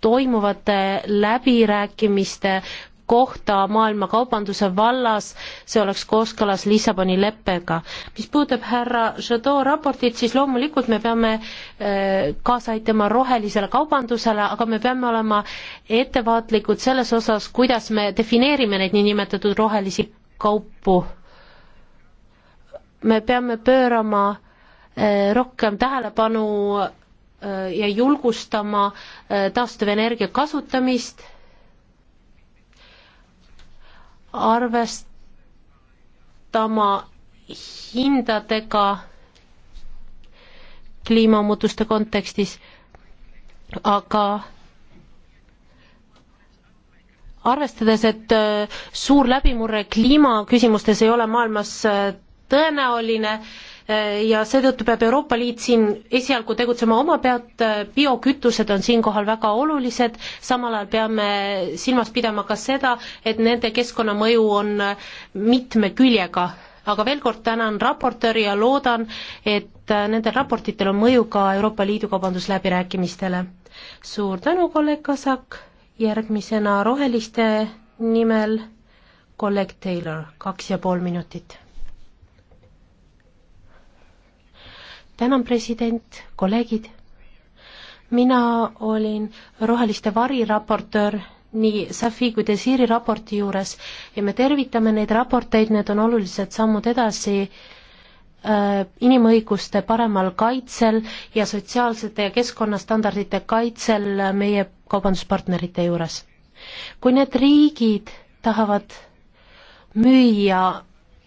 toimuvate läbirääkimiste kohta maailma kaubanduse vallas, see oleks kooskõlas Lissaboni leppega. mis puudutab härra Jadot raportit, siis loomulikult me peame eh, kaasa aitama rohelisele kaubandusele, aga me peame olema ettevaatlikud selles osas, kuidas me defineerime neid niinimetatud rohelisi kaupu. me peame pöörama eh, rohkem tähelepanu Äh, ja julgustama äh, taastuvenergia kasutamist, arvestama hindadega kliimamuutuste kontekstis, aga arvestades, et äh, suur läbimurre kliimaküsimustes ei ole maailmas tõenäoline, ja seetõttu peab Euroopa Liit siin esialgu tegutsema oma pealt, biokütused on siinkohal väga olulised, samal ajal peame silmas pidama ka seda, et nende keskkonnamõju on mitme küljega. aga veel kord tänan raportööri ja loodan, et nendel raportitel on mõju ka Euroopa Liidu kaubandusläbirääkimistele. suur tänu, kolleeg Kasak, järgmisena Roheliste nimel kolleeg Taylor, kaks ja pool minutit tänan, president, kolleegid. mina olin Roheliste variraportöör nii Safi kui Desiri raporti juures ja me tervitame neid raporteid, need on olulised sammud edasi äh, inimõiguste paremal kaitsel ja sotsiaalsete ja keskkonnastandardite kaitsel meie kaubanduspartnerite juures. kui need riigid tahavad müüa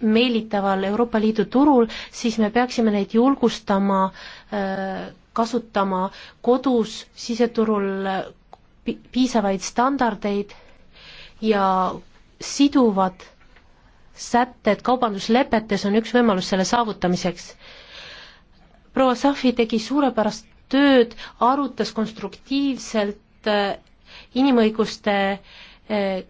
meelitaval Euroopa Liidu turul, siis me peaksime neid julgustama äh, kasutama kodus siseturul piisavaid standardeid ja siduvad sätted kaubanduslepetes on üks võimalus selle saavutamiseks. proua Safi tegi suurepärast tööd, arutas konstruktiivselt äh, inimõiguste äh,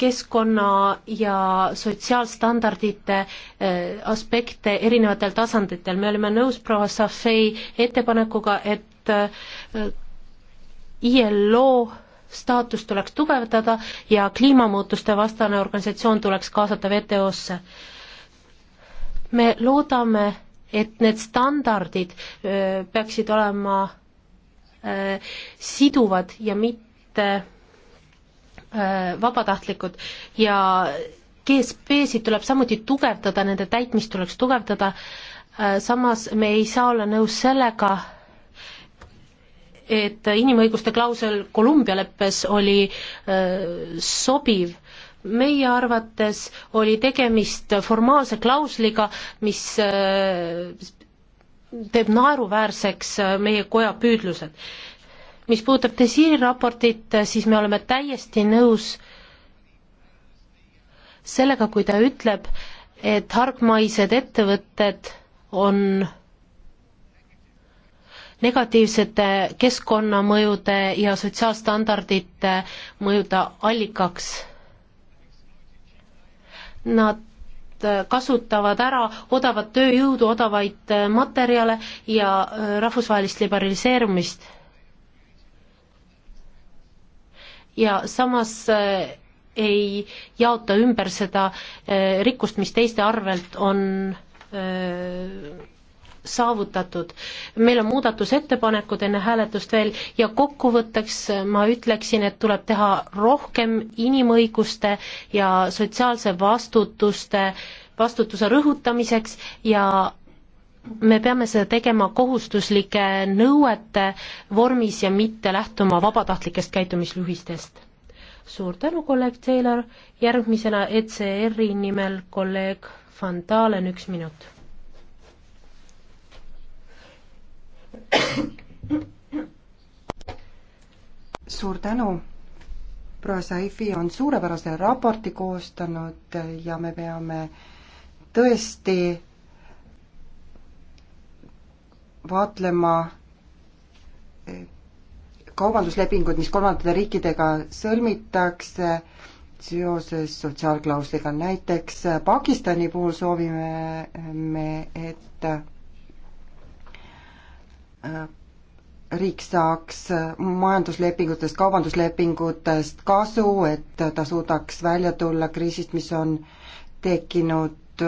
keskkonna ja sotsiaalstandardite eh, aspekte erinevatel tasanditel. me olime nõus proua Safei ettepanekuga, et eh, ILO staatus tuleks tugevdada ja kliimamuutuste vastane organisatsioon tuleks kaasata WTO-sse. me loodame, et need standardid eh, peaksid olema siduvad ja mitte Äh, vabatahtlikud ja GSP-sid tuleb samuti tugevdada, nende täitmist tuleks tugevdada, äh, samas me ei saa olla nõus sellega, et inimõiguste klausel Kolumbia leppes oli äh, sobiv meie arvates oli tegemist formaalse klausliga, mis teeb naeruväärseks meie koja püüdlused mis puudutab Desiri raportit, äh, siis me oleme täiesti nõus sellega, kui ta ütleb, et hargmaised ettevõtted on negatiivsete keskkonnamõjude ja sotsiaalstandardite mõjude allikaks. Nad äh, kasutavad ära odavat tööjõudu, odavaid äh, materjale ja rahvusvahelist liberaliseerumist ja samas eh, ei jaota ümber seda eh, rikkust, mis teiste arvelt on eh, saavutatud. meil on muudatusettepanekud enne hääletust veel ja kokkuvõtteks ma ütleksin, et tuleb teha rohkem inimõiguste ja sotsiaalse vastutuste, vastutuse rõhutamiseks ja me peame seda tegema kohustuslike nõuete vormis ja mitte lähtuma vabatahtlikest käitumisjuhistest. suur tänu, kolleeg Taylor, järgmisena ECR-i nimel kolleeg Van Dalen, üks minut. suur tänu proua Saifi on suurepärase raporti koostanud ja me peame tõesti vaatlema eh, kaubanduslepingud, mis kolmandate riikidega sõlmitakse seoses sotsiaalklausliga, näiteks eh, Pakistani puhul soovime eh, me, et riik saaks majanduslepingutest, kaubanduslepingutest kasu, et ta suudaks välja tulla kriisist, mis on tekkinud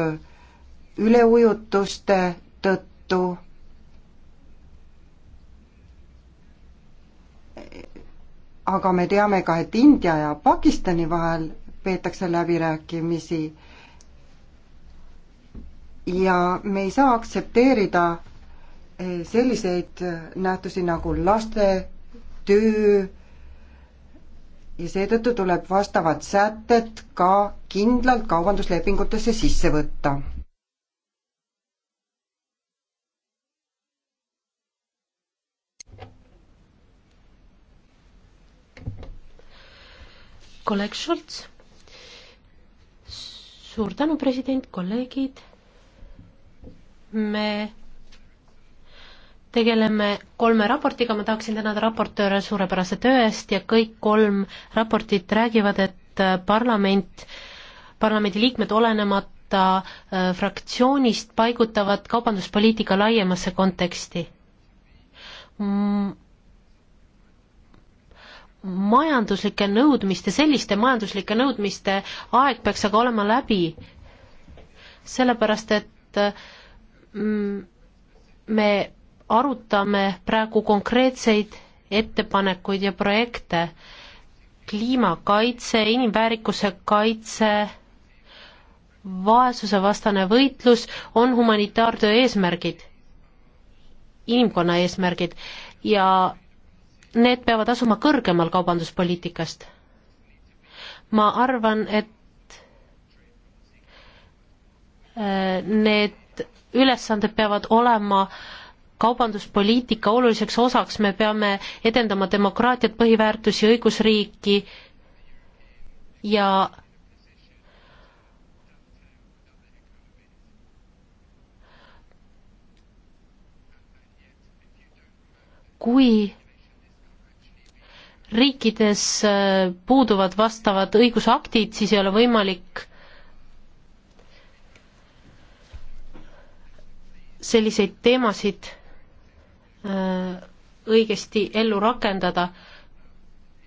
üleujutuste tõttu aga me teame ka, et India ja Pakistani vahel peetakse läbirääkimisi. ja me ei saa aktsepteerida eh, selliseid eh, nähtusi nagu laste töö ja seetõttu tuleb vastavad sätted ka kindlalt kaubanduslepingutesse sisse võtta kolleeg Schultz. suur tänu, president, kolleegid. me tegeleme kolme raportiga, ma tahaksin tänada raportööre suurepärase töö eest ja kõik kolm raportit räägivad, et parlament, parlamendiliikmed olenemata äh, fraktsioonist paigutavad kaubanduspoliitika laiemasse konteksti mm majanduslike nõudmiste, selliste majanduslike nõudmiste aeg peaks aga olema läbi. sellepärast, et mm, me arutame praegu konkreetseid ettepanekuid ja projekte, kliimakaitse, inimväärikuse kaitse, vaesusevastane võitlus on humanitaartöö eesmärgid, inimkonna eesmärgid ja need peavad asuma kõrgemal kaubanduspoliitikast. ma arvan, et äh, need ülesanded peavad olema kaubanduspoliitika oluliseks osaks, me peame edendama demokraatiat, põhiväärtusi, õigusriiki ja kui riikides äh, puuduvad vastavad õigusaktid, siis ei ole võimalik selliseid teemasid äh, õigesti ellu rakendada.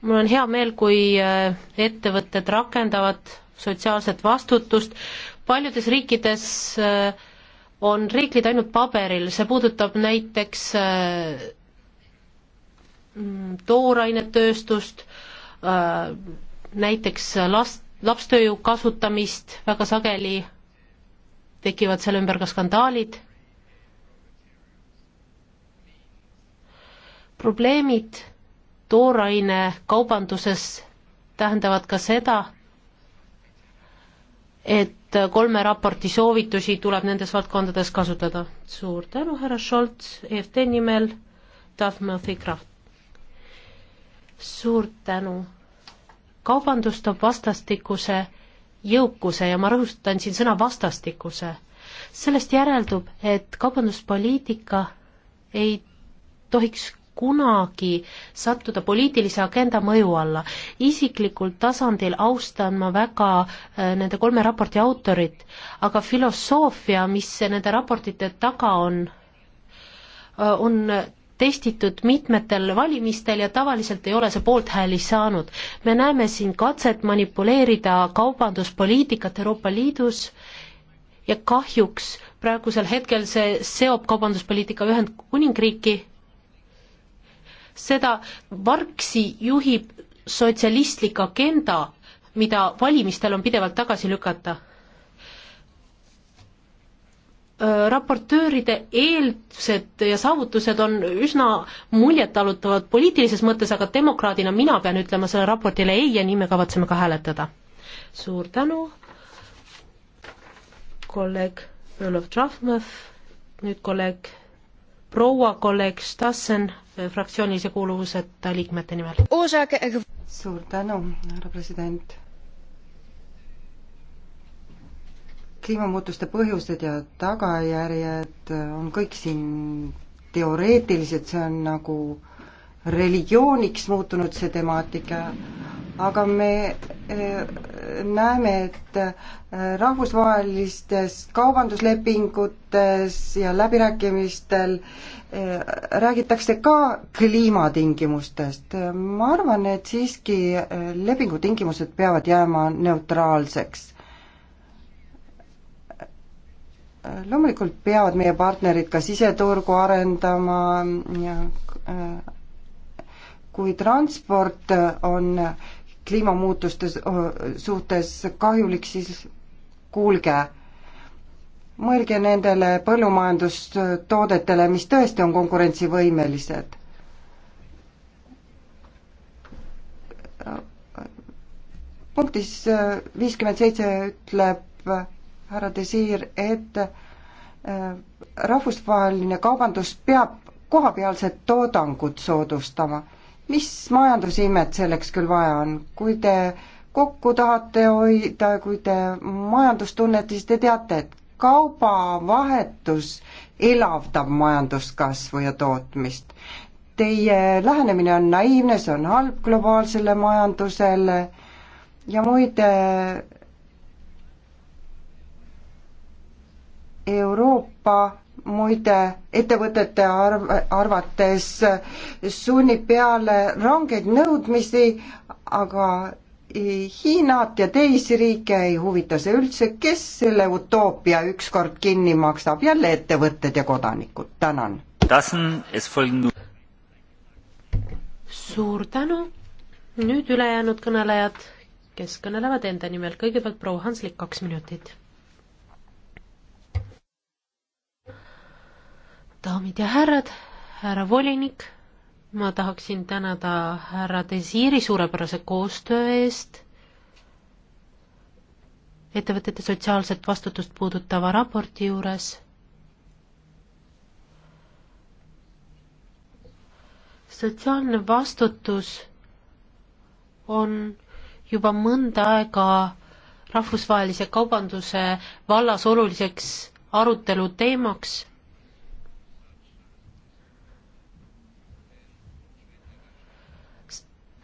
mul on hea meel, kui äh, ettevõtted rakendavad sotsiaalset vastutust, paljudes riikides on reeglid ainult paberil, see puudutab näiteks Mm, toorainetööstust, äh, näiteks last, lapstööjõu kasutamist, väga sageli tekivad selle ümber ka skandaalid. probleemid tooraine kaubanduses tähendavad ka seda, et kolme raporti soovitusi tuleb nendes valdkondades kasutada. suur tänu, härra Scholz, EFT nimel, Dave Murphy Kraft suur tänu. kaubandus toob vastastikuse jõukuse ja ma rõhutan siin sõna vastastikuse. sellest järeldub, et kaubanduspoliitika ei tohiks kunagi sattuda poliitilise agenda mõju alla. isiklikul tasandil austan ma väga äh, nende kolme raporti autorit, aga filosoofia, mis nende raportite taga on, äh, on testitud mitmetel valimistel ja tavaliselt ei ole see poolthääli saanud. me näeme siin katset manipuleerida kaubanduspoliitikat Euroopa Liidus ja kahjuks praegusel hetkel see seob kaubanduspoliitika Ühendkuningriiki, seda vargsi juhib sotsialistlik agenda, mida valimistel on pidevalt tagasi lükata raportööride eelsed ja saavutused on üsna muljetalutavad poliitilises mõttes, aga demokraadina mina pean ütlema sellele raportile ei ja nii me kavatseme ka hääletada. suur tänu, kolleeg Õlov Trahmov, nüüd kolleeg proua kolleeg Stassen eh, fraktsioonilise kuuluvuseta liikmete nimel. suur tänu, härra president kliimamuutuste põhjused ja tagajärjed on kõik siin teoreetilised, see on nagu religiooniks muutunud, see temaatika, aga me eh, näeme, et eh, rahvusvahelistes kaubanduslepingutes ja läbirääkimistel eh, räägitakse ka kliimatingimustest. ma arvan, et siiski lepingutingimused peavad jääma neutraalseks loomulikult peavad meie partnerid ka siseturgu arendama ja äh, kui transport on kliimamuutuste suhtes kahjulik, siis kuulge, mõelge nendele põllumajandustoodetele, mis tõesti on konkurentsivõimelised. punktis äh, viiskümmend seitse ütleb härra Desir, et äh, rahvusvaheline kaubandus peab kohapealset toodangut soodustama. mis majandusimet selleks küll vaja on, kui te kokku tahate hoida, kui te majandust tunnete, siis te teate, et kaubavahetus elavdab majanduskasvu ja tootmist. Teie lähenemine on naiivne, see on halb globaalsele majandusele ja muide Euroopa muide ettevõtete arv, arvates sunnib peale rangeid nõudmisi, aga Hiinat ja teisi riike ei huvita see üldse, kes selle utoopia ükskord kinni maksab, jälle ettevõtted ja kodanikud, tänan. suur tänu, nüüd ülejäänud kõnelejad, kes kõnelevad enda nimel, kõigepealt proua Hanslik, kaks minutit daamid ja härrad, härra volinik, ma tahaksin tänada härra Desiiri suurepärase koostöö eest ettevõtete sotsiaalset vastutust puudutava raporti juures. sotsiaalne vastutus on juba mõnda aega rahvusvahelise kaubanduse vallas oluliseks arutelu teemaks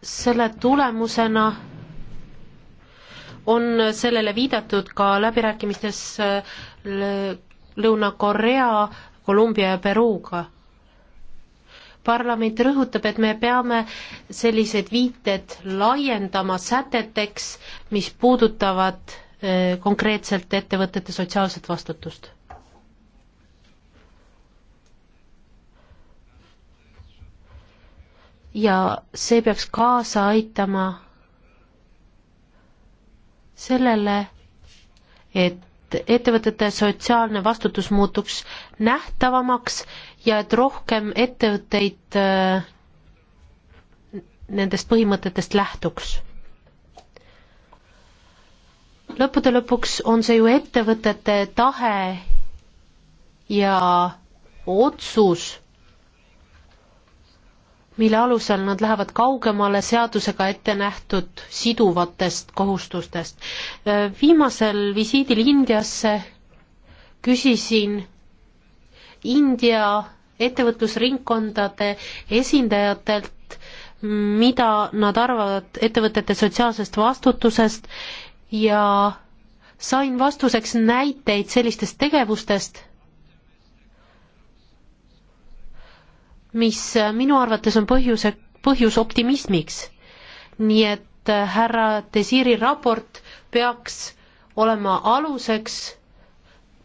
selle tulemusena on sellele viidatud ka läbirääkimistes äh, Lõuna-Korea, Kolumbia ja Peruuga. parlament rõhutab, et me peame sellised viited laiendama säteteks, mis puudutavad äh, konkreetselt ettevõtete sotsiaalset vastutust ja see peaks kaasa aitama sellele, et ettevõtete sotsiaalne vastutus muutuks nähtavamaks ja et rohkem ettevõtteid äh, nendest põhimõtetest lähtuks. lõppude lõpuks on see ju ettevõtete tahe ja otsus mille alusel nad lähevad kaugemale seadusega ette nähtud siduvatest kohustustest. viimasel visiidil Indiasse küsisin India ettevõtlusringkondade esindajatelt, mida nad arvavad ettevõtete sotsiaalsest vastutusest ja sain vastuseks näiteid sellistest tegevustest, mis äh, minu arvates on põhjuse, põhjus optimismiks. nii et äh, härra Desiri raport peaks olema aluseks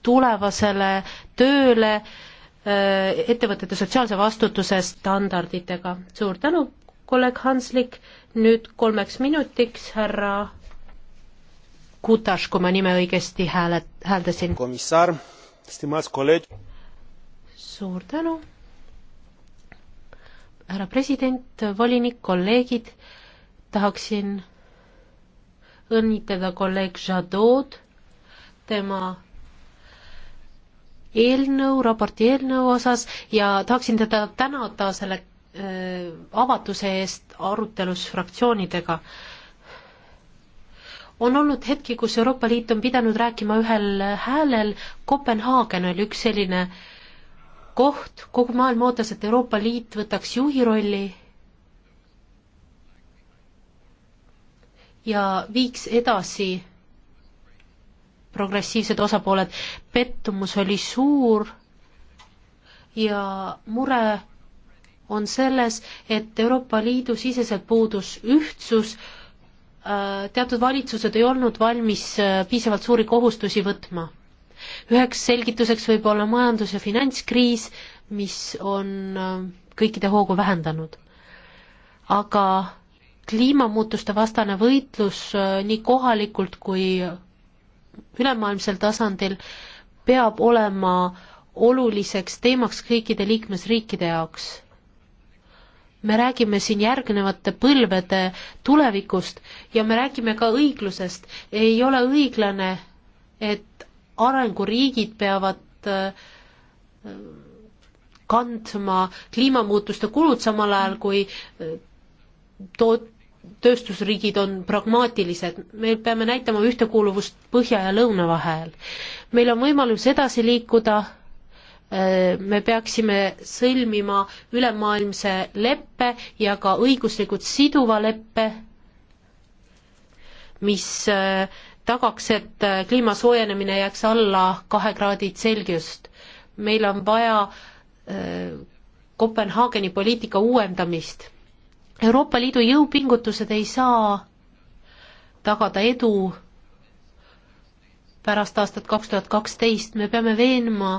tulevasele tööle äh, ettevõtete sotsiaalse vastutuse standarditega. suur tänu, kolleeg Hanslik, nüüd kolmeks minutiks härra Kutaš, kui ma nime õigesti hääle, hääldasin. komissar, stimaas kolleeg. suur tänu härra president, volinik, kolleegid, tahaksin õnnitleda kolleeg Jadot tema eelnõu, raporti eelnõu osas ja tahaksin teda tänada selle äh, avatuse eest arutelus fraktsioonidega. on olnud hetki, kus Euroopa Liit on pidanud rääkima ühel häälel, Kopenhaagen oli üks selline äh, koht, kogu maailm ootas, et Euroopa Liit võtaks juhi rolli ja viiks edasi progressiivsed osapooled. pettumus oli suur ja mure on selles, et Euroopa Liidu siseselt puudus ühtsus, äh, teatud valitsused ei olnud valmis äh, piisavalt suuri kohustusi võtma üheks selgituseks võib olla majandus- ja finantskriis, mis on äh, kõikide hoogu vähendanud. aga kliimamuutuste vastane võitlus äh, nii kohalikult kui ülemaailmsel tasandil peab olema oluliseks teemaks kõikide liikmesriikide jaoks. me räägime siin järgnevate põlvede tulevikust ja me räägime ka õiglusest. ei ole õiglane, et arenguriigid peavad äh, kandma kliimamuutuste kulud, samal ajal kui äh, toot-, tööstusriigid on pragmaatilised, me peame näitama ühtekuuluvust põhja ja lõuna vahel. meil on võimalus edasi liikuda, äh, me peaksime sõlmima ülemaailmse leppe ja ka õiguslikult siduva leppe, mis äh, tagaks, et äh, kliima soojenemine jääks alla kahe kraadi Celsiust. meil on vaja äh, Kopenhaageni poliitika uuendamist. Euroopa Liidu jõupingutused ei saa tagada edu pärast aastat kaks tuhat kaksteist, me peame veenma,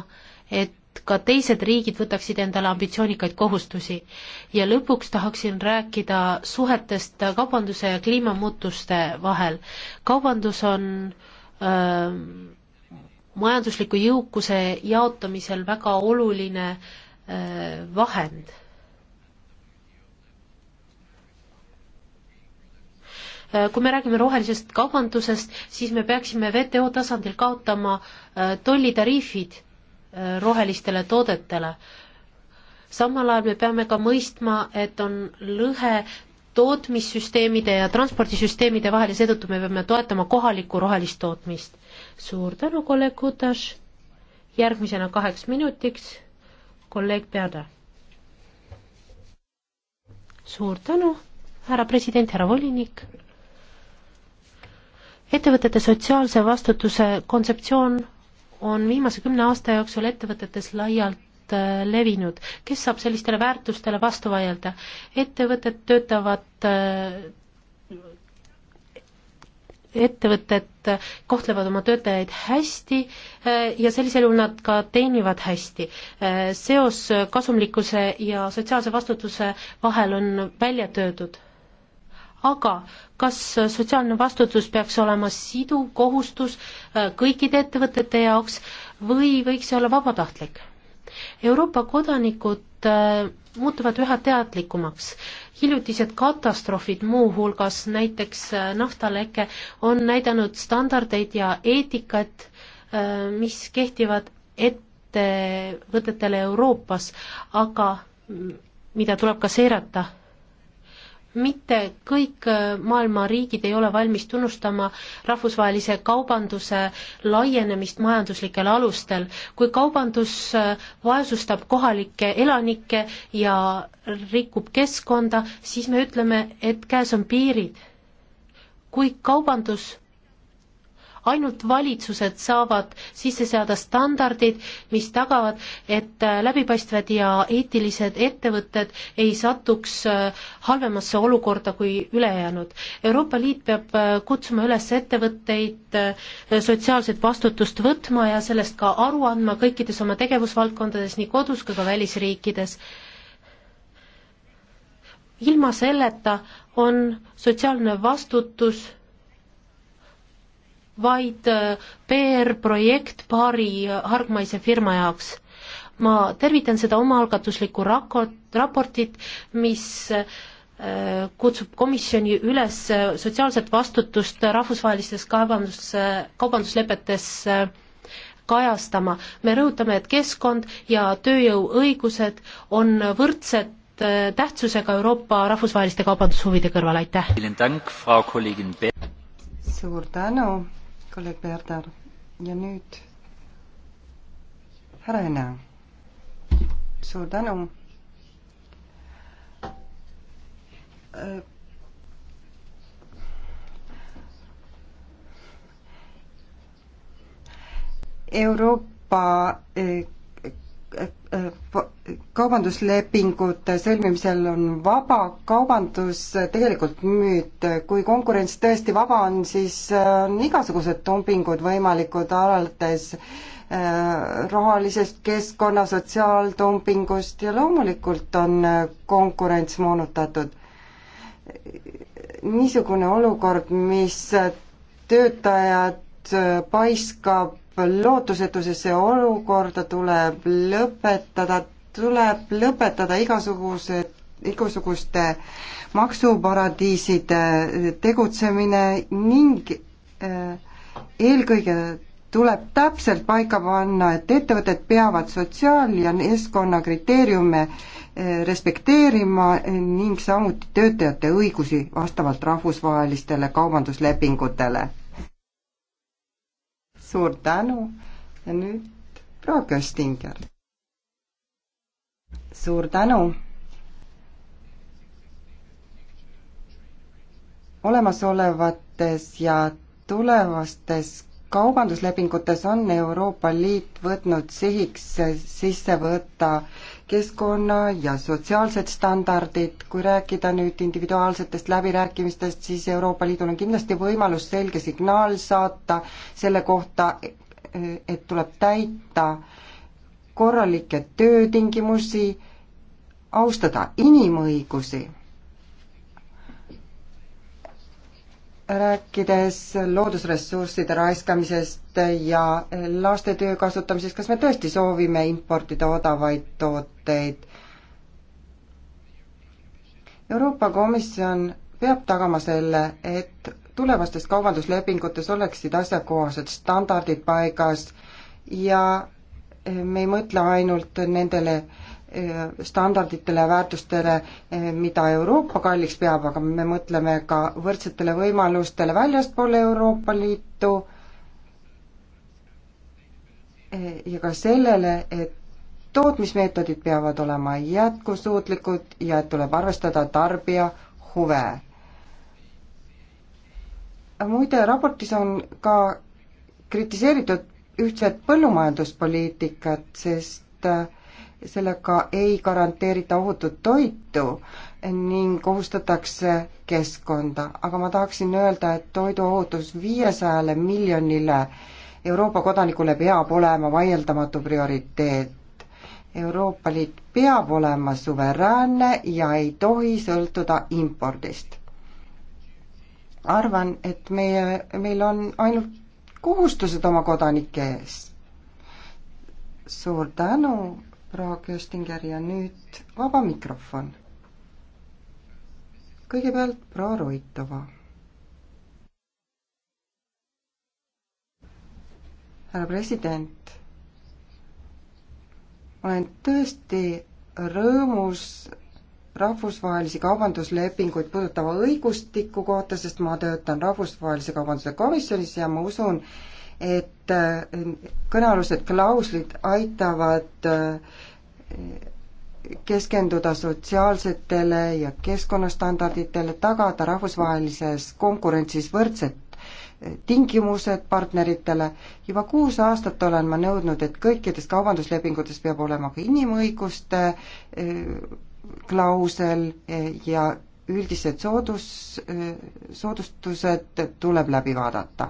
et ka teised riigid võtaksid endale ambitsioonikaid kohustusi. ja lõpuks tahaksin rääkida suhetest kaubanduse ja kliimamuutuste vahel. kaubandus on öö, ähm, majandusliku jõukuse jaotamisel väga oluline öö, äh, vahend. Äh, kui me räägime rohelisest kaubandusest, siis me peaksime WTO tasandil kaotama äh, tollitariifid Äh, rohelistele toodetele. samal ajal me peame ka mõistma, et on lõhe tootmissüsteemide ja transpordisüsteemide vahel ja seetõttu me peame toetama kohalikku rohelist tootmist. suur tänu, kolleeg Kutaš, järgmisena kaheks minutiks kolleeg Peada. suur tänu, härra president, härra volinik. ettevõtete sotsiaalse vastutuse kontseptsioon on viimase kümne aasta jooksul ettevõtetes laialt äh, levinud, kes saab sellistele väärtustele vastu vaielda. ettevõtted töötavad, äh, ettevõtted äh, kohtlevad oma töötajaid hästi ja sellisel juhul nad ka teenivad hästi. seos kasumlikkuse ja sotsiaalse vastutuse vahel on välja töötud aga kas sotsiaalne vastutus peaks olema siduv kohustus äh, kõikide ettevõtete jaoks või võiks see olla vabatahtlik? Euroopa kodanikud äh, muutuvad üha teadlikumaks. hiljutised katastroofid, muuhulgas näiteks äh, naftaleke, on näidanud standardeid ja eetikat, mis kehtivad ettevõtetele Euroopas, aga mm, mida tuleb ka seirata mitte kõik äh, maailma riigid ei ole valmis tunnustama rahvusvahelise kaubanduse laienemist majanduslikel alustel. kui kaubandus äh, vaesustab kohalikke elanikke ja rikub keskkonda, siis me ütleme, et käes on piirid. kui kaubandus ainult valitsused saavad sisse seada standardid, mis tagavad, et äh, läbipaistvad ja eetilised ettevõtted ei satuks äh, halvemasse olukorda kui ülejäänud. Euroopa Liit peab äh, kutsuma üles ettevõtteid sotsiaalset vastutust võtma ja sellest ka aru andma kõikides oma tegevusvaldkondades, nii kodus kui ka välisriikides ilma selleta on sotsiaalne vastutus vaid äh, PR-projekt paari äh, hargmaise firma jaoks. ma tervitan seda omaalgatuslikku rakot, raportit, mis äh, kutsub komisjoni üles sotsiaalset vastutust rahvusvahelistes kaevandus, kaubanduslepetes kajastama. me rõhutame, et keskkond ja tööjõuõigused on võrdsed tähtsusega Euroopa rahvusvaheliste kaubandushuvide kõrval, aitäh! suur tänu! kolleeg Berdar ja nüüd härra Ene. suur tänu. Äh, Euroopa äh, kaubanduslepingute sõlmimisel on vaba kaubandus tegelikult müüt, kui konkurents tõesti vaba on, siis äh, on igasugused dumpingud võimalikud, alates äh, rahalisest keskkonna sotsiaaldumpingust ja loomulikult on äh, konkurents moonutatud. niisugune olukord, mis töötajad paiskab lootusetusesse olukorda tuleb lõpetada, tuleb lõpetada igasugused, igasuguste maksuparadiiside tegutsemine ning äh, eelkõige tuleb täpselt paika panna, et ettevõtted peavad sotsiaal- ja keskkonnakriteeriume äh, respekteerima ning samuti töötajate õigusi vastavalt rahvusvahelistele kaubanduslepingutele suur tänu ja nüüd proua Köstinger. suur tänu. olemasolevates ja tulevastes kaubanduslepingutes on Euroopa Liit võtnud sihiks sisse võtta äh, keskkonna ja sotsiaalsed standardid, kui rääkida nüüd individuaalsetest läbirääkimistest, siis Euroopa Liidul on kindlasti võimalus selge signaal saata selle kohta, et tuleb täita korralikke töötingimusi, austada inimõigusi rääkides loodusressursside raiskamisest ja laste töö kasutamisest, kas me tõesti soovime importida odavaid tooteid? Euroopa Komisjon peab tagama selle, et tulevastes kaubanduslepingutes oleksid asjakohased standardid paigas ja me ei mõtle ainult nendele äh, Eh, standarditele ja väärtustele, eh, mida Euroopa kalliks peab, aga me mõtleme ka võrdsetele võimalustele väljaspool Euroopa Liitu eh, ja ka sellele, et tootmismeetodid peavad olema jätkusuutlikud ja et tuleb arvestada tarbija huve. muide, raportis on ka kritiseeritud ühtset põllumajanduspoliitikat, sest äh, sellega ei garanteerita ohutut toitu ning ohustatakse keskkonda. aga ma tahaksin öelda, et toiduohutus viiesajale miljonile Euroopa kodanikule peab olema vaieldamatu prioriteet. Euroopa Liit peab olema suveräänne ja ei tohi sõltuda impordist. arvan, et meie, meil on ainult kohustused oma kodanike ees. suur tänu proua Köstinger ja nüüd vaba mikrofon. kõigepealt proua Roitova. härra president, olen tõesti rõõmus rahvusvahelisi kaubanduslepinguid puudutava õigustiku kohta, sest ma töötan Rahvusvahelise Kaubanduse Komisjonis ja ma usun, et äh, kõnealused klauslid aitavad äh, keskenduda sotsiaalsetele ja keskkonnastandarditele, tagada rahvusvahelises konkurentsis võrdsed äh, tingimused partneritele. juba kuus aastat olen ma nõudnud, et kõikides kaubanduslepingutes peab olema ka inimõiguste klausel ja üldised soodus, soodustused tuleb läbi vaadata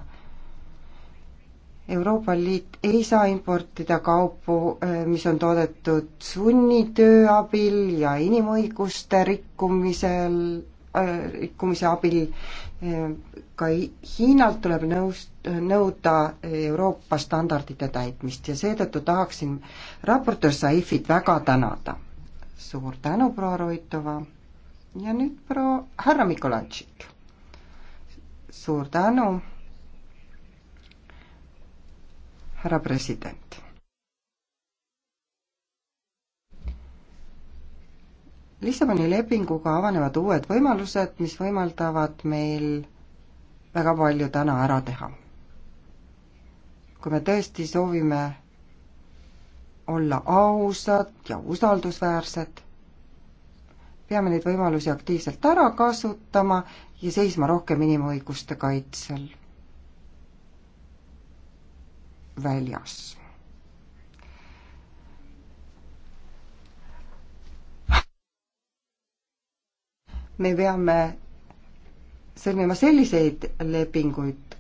Euroopa Liit ei saa importida kaupu, eh, mis on toodetud sunnitöö abil ja inimõiguste rikkumisel, eh, rikkumise abil. Eh, ka Hiinalt tuleb nõus, nõuda Euroopa standardite täitmist ja seetõttu tahaksin raportöör Saifit väga tänada. suur tänu, proua Roitova. ja nüüd proua härra Mikolantšik. suur tänu härra president. Lissaboni lepinguga avanevad uued võimalused, mis võimaldavad meil väga palju täna ära teha. kui me tõesti soovime olla ausad ja usaldusväärsed, peame neid võimalusi aktiivselt ära kasutama ja seisma rohkem inimõiguste kaitsel väljas. me peame sõlmima selliseid lepinguid,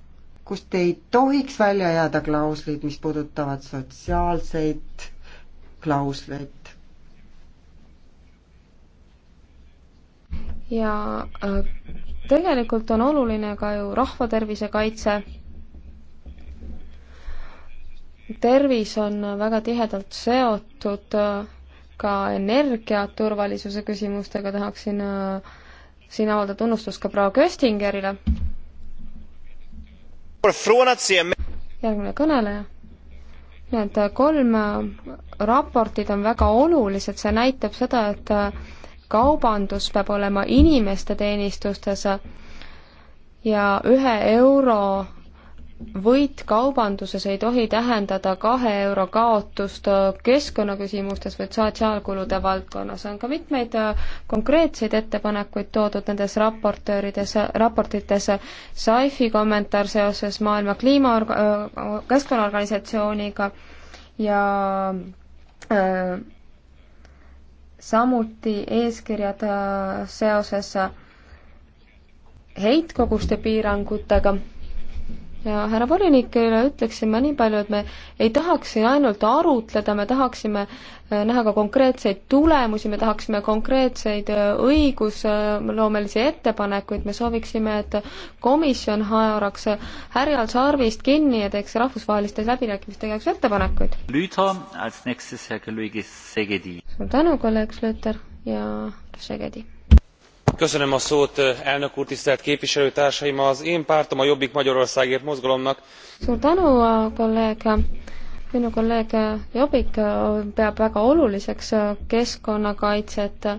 kust ei tohiks välja jääda klauslid, mis puudutavad sotsiaalseid klausleid. ja äh, tegelikult on oluline ka ju rahvatervise kaitse tervis on väga tihedalt seotud äh, ka energiaturvalisuse küsimustega, tahaksin äh, siin avaldada tunnustust ka proua Köstingerile. järgmine kõneleja. Need äh, kolm raportit on väga olulised, see näitab seda, et kaubandus peab olema inimeste teenistustes ja ühe euro võit kaubanduses ei tohi tähendada kahe euro kaotust äh, keskkonnaküsimustes või sotsiaalkulude valdkonnas. on ka mitmeid äh, konkreetseid ettepanekuid toodud nendes raportöörides, raportites. Saifi kommentaar seoses Maailma Kliima äh, Keskkonnaorganisatsiooniga ja äh, samuti eeskirjad äh, seoses heitkoguste piirangutega ja härra volinikele ütleksin ma nii palju, et me ei tahaks siin ainult arutleda, me tahaksime äh, näha ka konkreetseid tulemusi, me tahaksime konkreetseid äh, õigusloomelisi ettepanekuid, me sooviksime, et komisjon haaraks härjal sarvist kinni ja teeks rahvusvahelistes läbirääkimistes jaoks ettepanekuid. suur tänu, kolleeg Schlüter ja Segedi elnök úr tisztelt képviselőtársaim! az én pártom a jobbik magyarországért mozgalomnak. minu kolleeg jobbik peab väga oluliseks keskkonnakaitset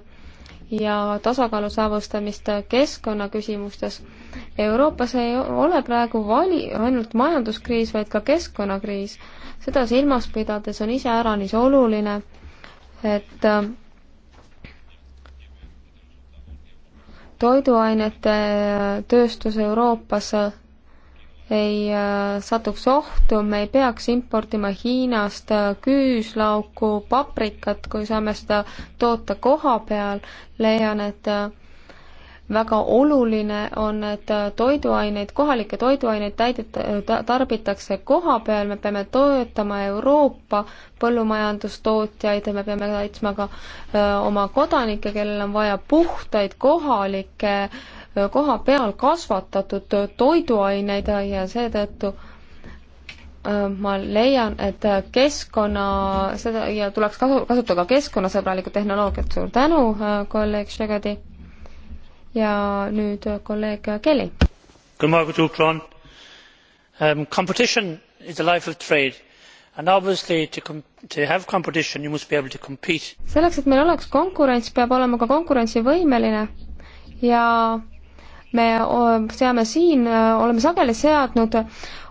ja tasakaalu saavutamist keskkonnaküsimustes. euroopas ei ole praegu vali ainult majanduskriis vaid ka keskkonnakriis. seda silmas pidades on iseäranis oluline et toiduainete äh, tööstus Euroopas äh, ei äh, satuks ohtu, me ei peaks importima Hiinast küüslauku, paprikat, kui saame seda toota koha peal, leian, et väga oluline on, et toiduaineid, kohalikke toiduaineid täidet-, tarbitakse koha peal, me peame toetama Euroopa põllumajandustootjaid ja me peame kaitsma ka öö, oma kodanikke, kellel on vaja puhtaid kohalikke, koha peal kasvatatud toiduaineid ja seetõttu ma leian, et keskkonna, seda ja tuleks kasu, kasutada keskkonnasõbralikku tehnoloogiat, suur tänu, kolleeg Šegedi! ja nüüd kolleeg Kelly. Um, competition is the life of trade and obviously to, to have competition you must be able to compete. selleks, et meil oleks konkurents, peab olema ka konkurentsivõimeline ja me seame siin, oleme sageli seadnud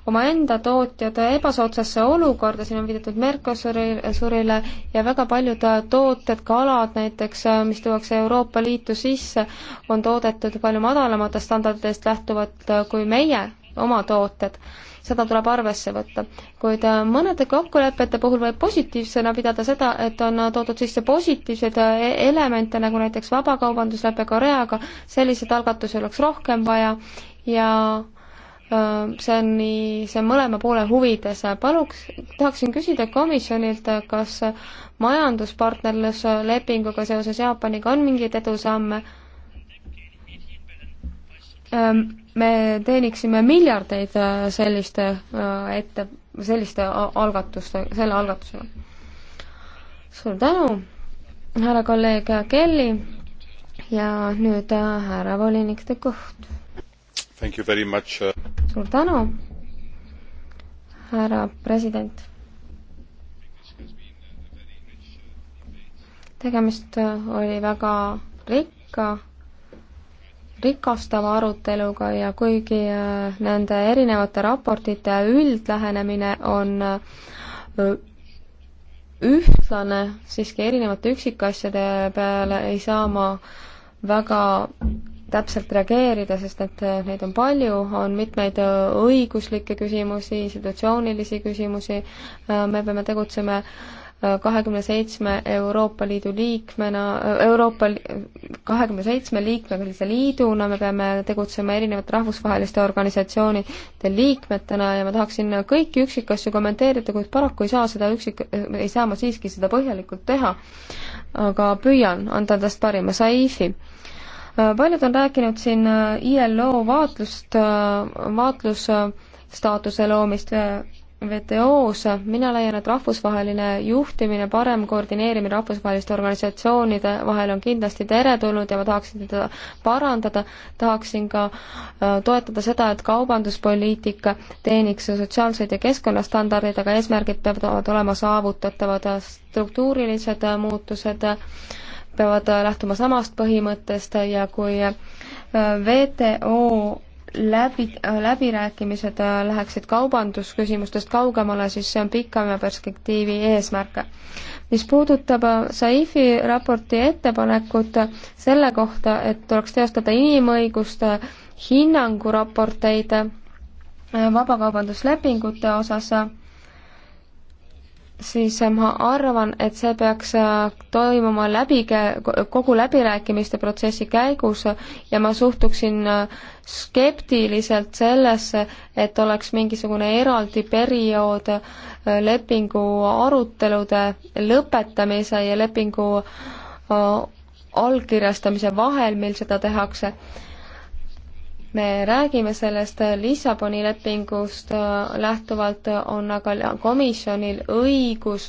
omaenda tootjad ebasoodsasse olukorda, siin on viidatud Mercosurile ja väga paljud tooted, kalad näiteks, mis tuuakse Euroopa Liitu sisse, on toodetud palju madalamatest standarditest lähtuvalt kui meie oma tooted seda tuleb arvesse võtta. kuid mõnede kokkulepete puhul võib positiivsena pidada seda, et on toodud sisse positiivseid e-, elemente, nagu näiteks vabakaubanduslepe Koreaga, selliseid algatusi oleks rohkem vaja ja see on nii, see on mõlema poole huvides. paluks, tahaksin küsida komisjonilt, kas majanduspartnerluslepinguga seoses Jaapaniga on mingeid edusamme? Ähm, me teeniksime miljardeid äh, selliste äh, ette, selliste algatuste, selle algatusega. suur tänu, härra kolleeg Kelly ja nüüd äh, härra volinik De Kuht Uh, suur tänu, härra president. tegemist äh, oli väga rikka, rikastava aruteluga ja kuigi äh, nende erinevate raportite üldlähenemine on äh, ühtlane, siiski erinevate üksikasjade peale ei saa ma väga täpselt reageerida, sest et äh, neid on palju, on mitmeid äh, õiguslikke küsimusi, institutsioonilisi küsimusi, äh, me peame tegutsema kahekümne seitsme Euroopa Liidu liikmena, Euroopa, kahekümne seitsme liikmelise liiduna me peame tegutsema erinevate rahvusvaheliste organisatsioonide liikmetena ja ma tahaksin kõiki üksikasju kommenteerida, kuid paraku ei saa seda üksik, ei saa ma siiski seda põhjalikult teha. aga püüan anda endast parima, Saifi Äh, paljud on rääkinud siin äh, ILO vaatlust, äh, vaatlusstaatuse loomist WTO-s, mina leian, et rahvusvaheline juhtimine, parem koordineerimine rahvusvaheliste organisatsioonide vahel on kindlasti teretulnud ja ma tahaksin teda parandada, tahaksin ka toetada seda, et kaubanduspoliitika teeniks sotsiaalseid ja keskkonnastandardeid, aga eesmärgid peavad olema saavutatavad, struktuurilised muutused äh, peavad lähtuma samast põhimõttest ja kui äh, WTO läbi, äh, läbirääkimised äh, läheksid kaubandusküsimustest kaugemale, siis see on pikema perspektiivi eesmärk. mis puudutab Saifi raporti ettepanekut selle kohta, et tuleks teostada inimõiguste hinnanguraporteid vabakaubanduslepingute osas, siis äh, ma arvan, et see peaks äh, toimuma läbi, kogu läbirääkimiste protsessi käigus ja ma suhtuksin äh, skeptiliselt sellesse, et oleks mingisugune eraldi periood lepingu arutelude lõpetamise ja lepingu allkirjastamise vahel, mil seda tehakse me räägime sellest Lissaboni lepingust äh, lähtuvalt, on aga komisjonil õigus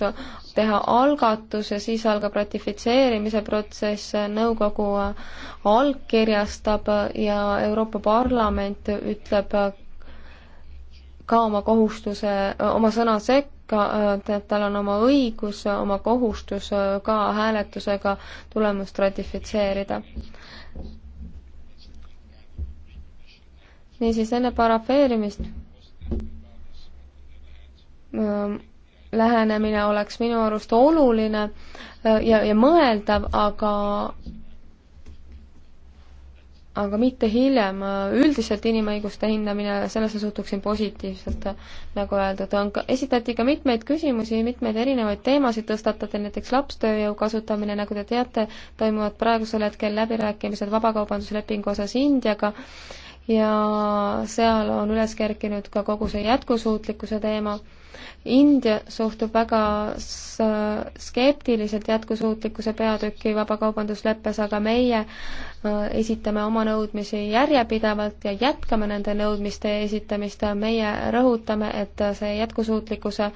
teha algatus ja siis algab ratifitseerimise protsess, nõukogu äh, allkirjastab äh, ja Euroopa Parlament ütleb ka oma kohustuse, oma sõna sekka, et tal on oma õigus, oma kohustus ka hääletusega tulemust ratifitseerida. niisiis enne parafeerimist ähm, lähenemine oleks minu arust oluline äh, ja, ja mõeldav, aga aga mitte hiljem. üldiselt inimõiguste hindamine, sellesse suhtuksin positiivselt, äh, nagu öeldud, on ka, esitati ka mitmeid küsimusi, mitmeid erinevaid teemasid tõstatati, näiteks lapstööjõu kasutamine, nagu te teate, toimuvad praegusel hetkel läbirääkimised vabakaubanduslepingu osas Indiaga ja seal on üles kerkinud ka kogu see jätkusuutlikkuse teema. India suhtub väga skeptiliselt jätkusuutlikkuse peatüki vabakaubandusleppes, aga meie äh, esitame oma nõudmisi järjepidevalt ja jätkame nende nõudmiste esitamist. meie rõhutame, et see jätkusuutlikkuse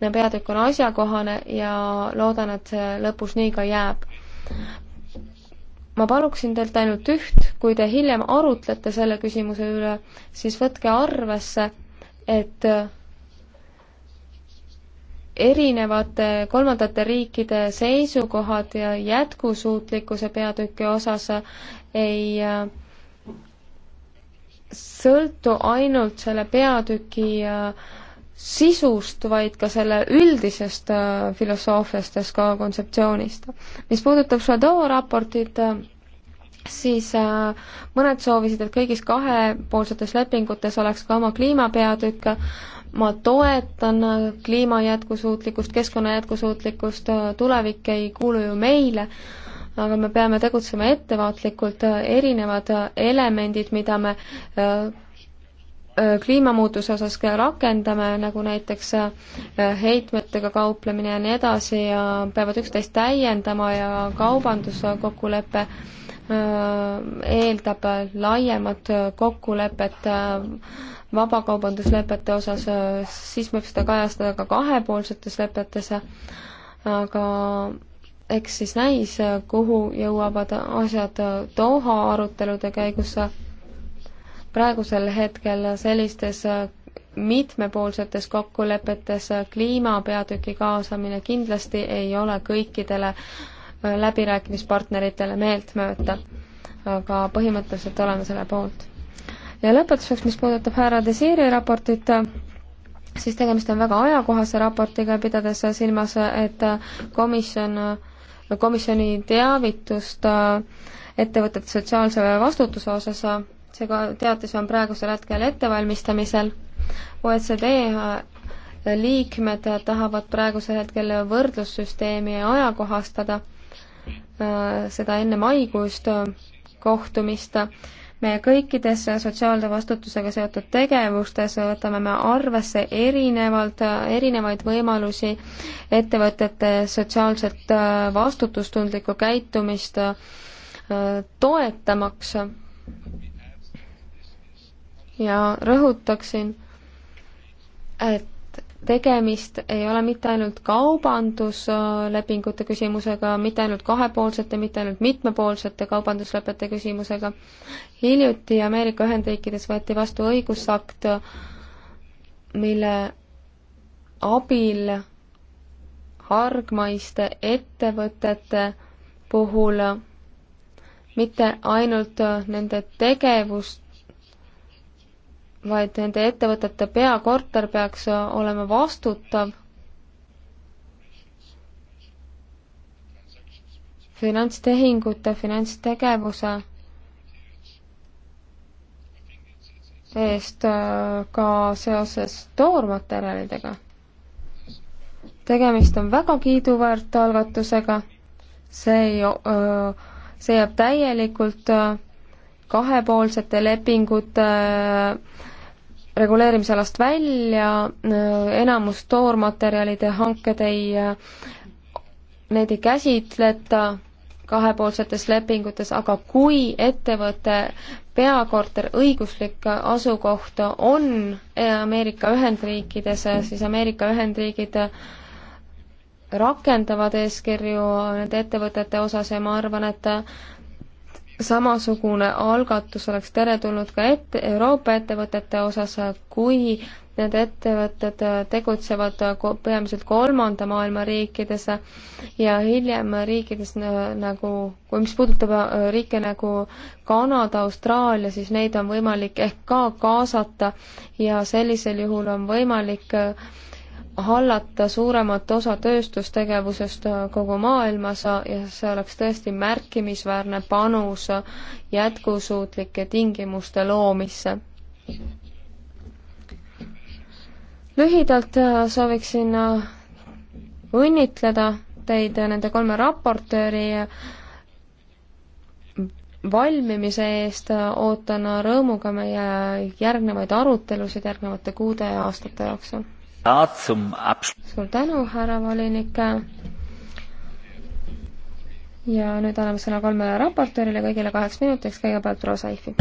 peatükk on asjakohane ja loodan, et see lõpus nii ka jääb ma paluksin teilt ainult üht, kui te hiljem arutlete selle küsimuse üle, siis võtke arvesse, et äh, erinevate kolmandate riikide seisukohad ja jätkusuutlikkuse peatüki osas ei äh, sõltu ainult selle peatüki äh, sisust, vaid ka selle üldisest äh, filosoofiast ja ka kontseptsioonist. mis puudutab Chateau raportit, äh, siis äh, mõned soovisid, et kõigis kahepoolsetes lepingutes oleks ka oma kliimapeatükk, ma toetan kliima jätkusuutlikkust, keskkonna jätkusuutlikkust, tulevik ei kuulu ju meile, aga me peame tegutsema ettevaatlikult, erinevad elemendid, mida me Äh, kliimamuutuse osas ka rakendame, nagu näiteks äh, heitmetega kauplemine ja nii edasi ja peavad üksteist täiendama ja kaubanduskokkulepe äh, eeldab laiemat kokkulepet vabakaubanduslepete osas, siis võib seda kajastada ka kahepoolsetes lepetes, aga eks siis näis, kuhu jõuavad asjad Doha arutelude käigus praegusel hetkel sellistes äh, mitmepoolsetes kokkulepetes äh, kliimapeatüki kaasamine kindlasti ei ole kõikidele äh, läbirääkimispartneritele meeltmööda, aga põhimõtteliselt oleme selle poolt. ja lõpetuseks, mis puudutab härra Desiri raportit, siis tegemist on väga ajakohase raportiga, pidades silmas, et komisjon, komisjoni teavitust ettevõtete sotsiaalse vastutuse osas see teatis on praegusel hetkel ettevalmistamisel. OECD äh, liikmed tahavad praegusel hetkel võrdlussüsteemi ajakohastada, äh, seda enne maikuist äh, kohtumist. me kõikides sotsiaalse vastutusega seotud tegevustes võtame me arvesse erinevalt, erinevaid võimalusi ettevõtete sotsiaalset vastutustundlikku käitumist toetamaks ja rõhutaksin, et tegemist ei ole mitte ainult kaubanduslepingute küsimusega, mitte ainult kahepoolsete, mitte ainult mitmepoolsete kaubanduslepete küsimusega. hiljuti Ameerika Ühendriikides võeti vastu õigusakt, mille abil hargmaiste ettevõtete puhul mitte ainult nende tegevust vaid nende ettevõtete peakorter peaks olema vastutav finantstehingute, finantstegevuse eest äh, ka seoses toormaterjalidega. tegemist on väga kiiduväärt algatusega, see ei, äh, see jääb täielikult äh, kahepoolsete lepingute äh, reguleerimisalast välja, enamus toormaterjalide hanked ei, neid ei käsitleta kahepoolsetes lepingutes, aga kui ettevõte peakorter, õiguslik asukoht on Ameerika Ühendriikides, siis Ameerika Ühendriigid rakendavad eeskirju nende ettevõtete osas ja ma arvan, et samasugune algatus oleks teretulnud ka ette, Euroopa ettevõtete osas, kui need ettevõtted tegutsevad peamiselt kolmanda maailma riikides ja hiljem riikides nagu, kui mis puudutab äh, riike nagu Kanada, Austraalia, siis neid on võimalik ehk ka kaasata ja sellisel juhul on võimalik äh, hallata suuremat osa tööstustegevusest kogu maailmas ja see oleks tõesti märkimisväärne panus jätkusuutlike tingimuste loomisse. lühidalt äh, sooviksin äh, õnnitleda teid nende kolme raportööri äh, valmimise eest, ootan rõõmuga meie järgnevaid arutelusid järgnevate kuude ja aastate jooksul suur tänu, härra volinik. ja nüüd anname sõna kolmele raportöörile kõigile kaheks minutiks, kõigepealt Rosa Ihvi.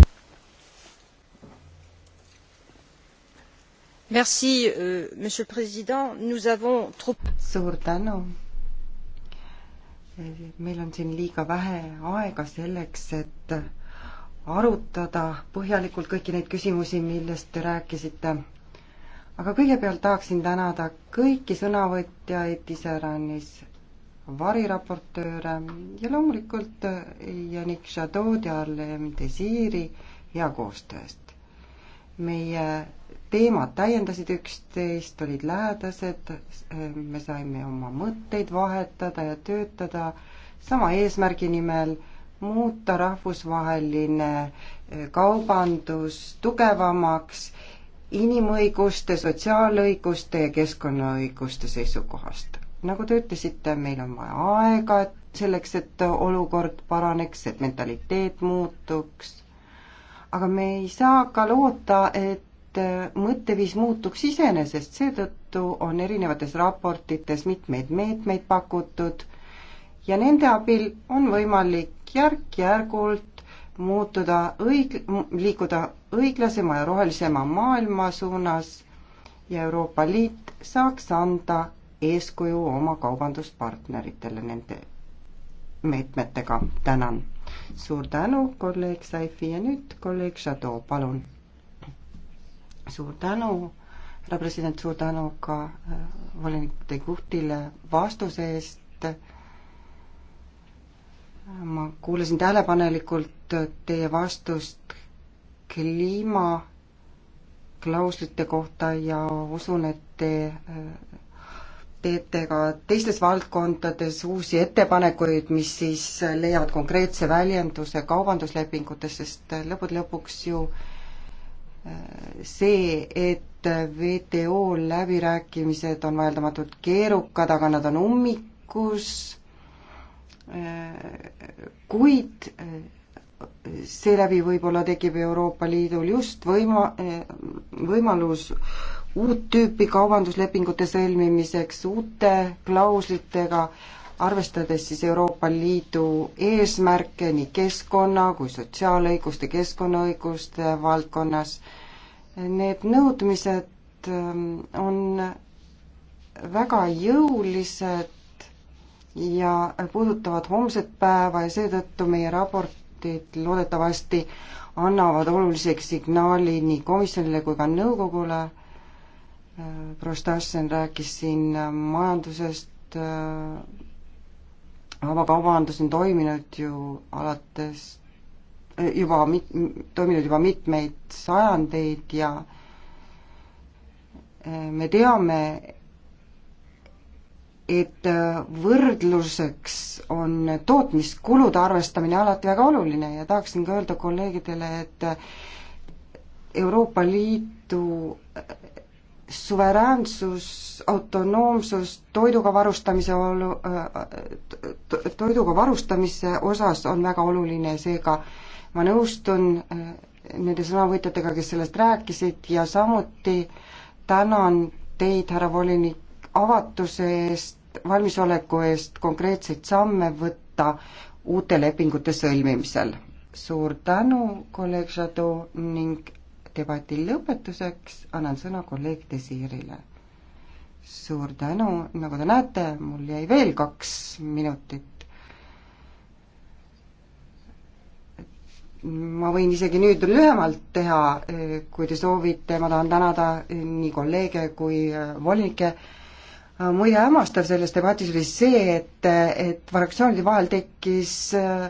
Merci, euh, Monsieur le Président. Nous avons trop. Suur tänu, meil on siin liiga vähe aega selleks, et arutada põhjalikult kõiki neid küsimusi, millest te rääkisite aga kõigepealt tahaksin tänada kõiki sõnavõtjaid, iseäranis variraportööre ja loomulikult Janik Šadod ja Arlem Desiri hea koostöö eest. meie teemad täiendasid üksteist, olid lähedased, me saime oma mõtteid vahetada ja töötada sama eesmärgi nimel, muuta rahvusvaheline kaubandus tugevamaks inimõiguste, sotsiaalõiguste ja keskkonnaõiguste seisukohast. nagu te ütlesite, meil on vaja aega, et selleks, et olukord paraneks, et mentaliteet muutuks, aga me ei saa ka loota, et mõtteviis muutuks iseenesest, seetõttu on erinevates raportites mitmeid meetmeid pakutud ja nende abil on võimalik järk-järgult muutuda õig-, liikuda õiglasema ja rohelisema maailma suunas ja Euroopa Liit saaks anda eeskuju oma kaubanduspartneritele nende meetmetega. tänan. suur tänu, kolleeg Saifi ja nüüd kolleeg Šadoo, palun. suur tänu, härra president, suur tänu ka äh, volinik De Guhtile vastuse eest. ma kuulasin tähelepanelikult teie vastust kliimaklauslite kohta ja usun, et te äh, teete ka teistes valdkondades uusi ettepanekuid, mis siis leiavad konkreetse väljenduse kaubanduslepingutes, sest lõppude lõpuks ju äh, see, et WTO läbirääkimised on vaieldamatult keerukad, aga nad on ummikus, äh, kuid seeläbi võib-olla tekib Euroopa Liidul just võima-, võimalus uut tüüpi kaubanduslepingute sõlmimiseks uute klauslitega, arvestades siis Euroopa Liidu eesmärke nii keskkonna kui sotsiaalõiguste, keskkonnaõiguste valdkonnas. Need nõudmised ähm, on väga jõulised ja puudutavad homset päeva ja seetõttu meie raport raportid loodetavasti annavad oluliseks signaali nii komisjonile kui ka nõukogule. Prostassen rääkis siin majandusest, vabakaubandus on toiminud ju alates, juba mit-, toiminud juba mitmeid sajandeid ja me teame, et võrdluseks on tootmiskulude arvestamine alati väga oluline ja tahaksin ka öelda kolleegidele, et Euroopa Liidu suveräänsus, autonoomsus toiduga varustamise olu-, toiduga varustamise osas on väga oluline, seega ma nõustun äh, nende sõnavõtjatega, kes sellest rääkisid ja samuti tänan teid, härra volinik, avatuse eest, valmisoleku eest konkreetseid samme võtta uute lepingute sõlmimisel. suur tänu, kolleeg Šadu ning debati lõpetuseks annan sõna kolleeg Desirile. suur tänu, nagu te näete, mul jäi veel kaks minutit. ma võin isegi nüüd lühemalt teha, eh, kui te soovite, ma tahan tänada eh, nii kolleege kui eh, volinikke muide hämmastav selles debatis oli see, et, et fraktsioonide vahel tekkis äh,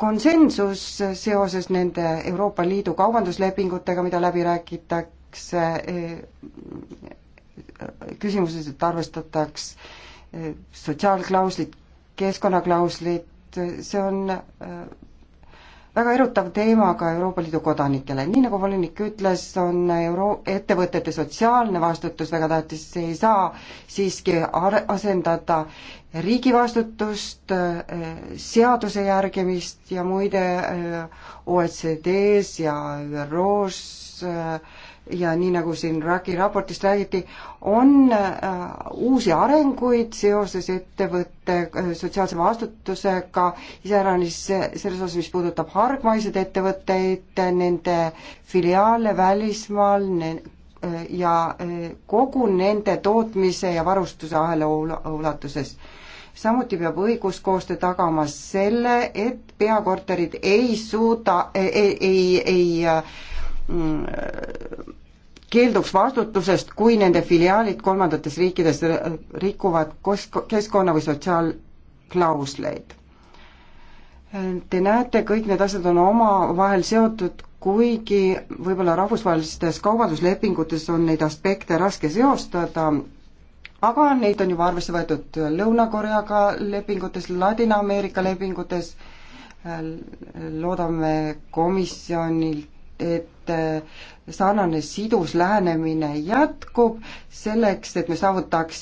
konsensus seoses nende Euroopa Liidu kaubanduslepingutega, mida läbi räägitakse, äh, küsimuses, et arvestataks äh, sotsiaalklauslit, keskkonnaklauslit, see on väga erutav teema ka Euroopa Liidu kodanikele, nii nagu volinik ütles, on euro-, ettevõtete sotsiaalne vastutus väga tähtis, see ei saa siiski asendada riigi vastutust, äh, seaduse järgimist ja muide äh, OECD-s ja ÜRO-s äh, ja nii, nagu siin RAK-i raportist räägiti, on äh, uusi arenguid seoses ettevõtte äh, sotsiaalse vastutusega, iseäranis selles osas, mis puudutab hargmaiseid ettevõtteid, nende filiaale välismaal ne, äh, ja äh, kogu nende tootmise ja varustuse ahela ulatuses samuti peab õiguskoostöö tagama selle, et peakorterid ei suuda, ei, ei, ei äh, mm, keelduks vastutusest, kui nende filiaalid kolmandates riikides rikuvad keskkonna või sotsiaalklausleid. Te näete, kõik need asjad on omavahel seotud, kuigi võib-olla rahvusvahelistes kaubanduslepingutes on neid aspekte raske seostada, aga neid on juba arvesse võetud Lõuna-Koreaga lepingutes, Ladina-Ameerika lepingutes, loodame komisjonilt et äh, sarnane sidus lähenemine jätkub selleks, et me saavutaks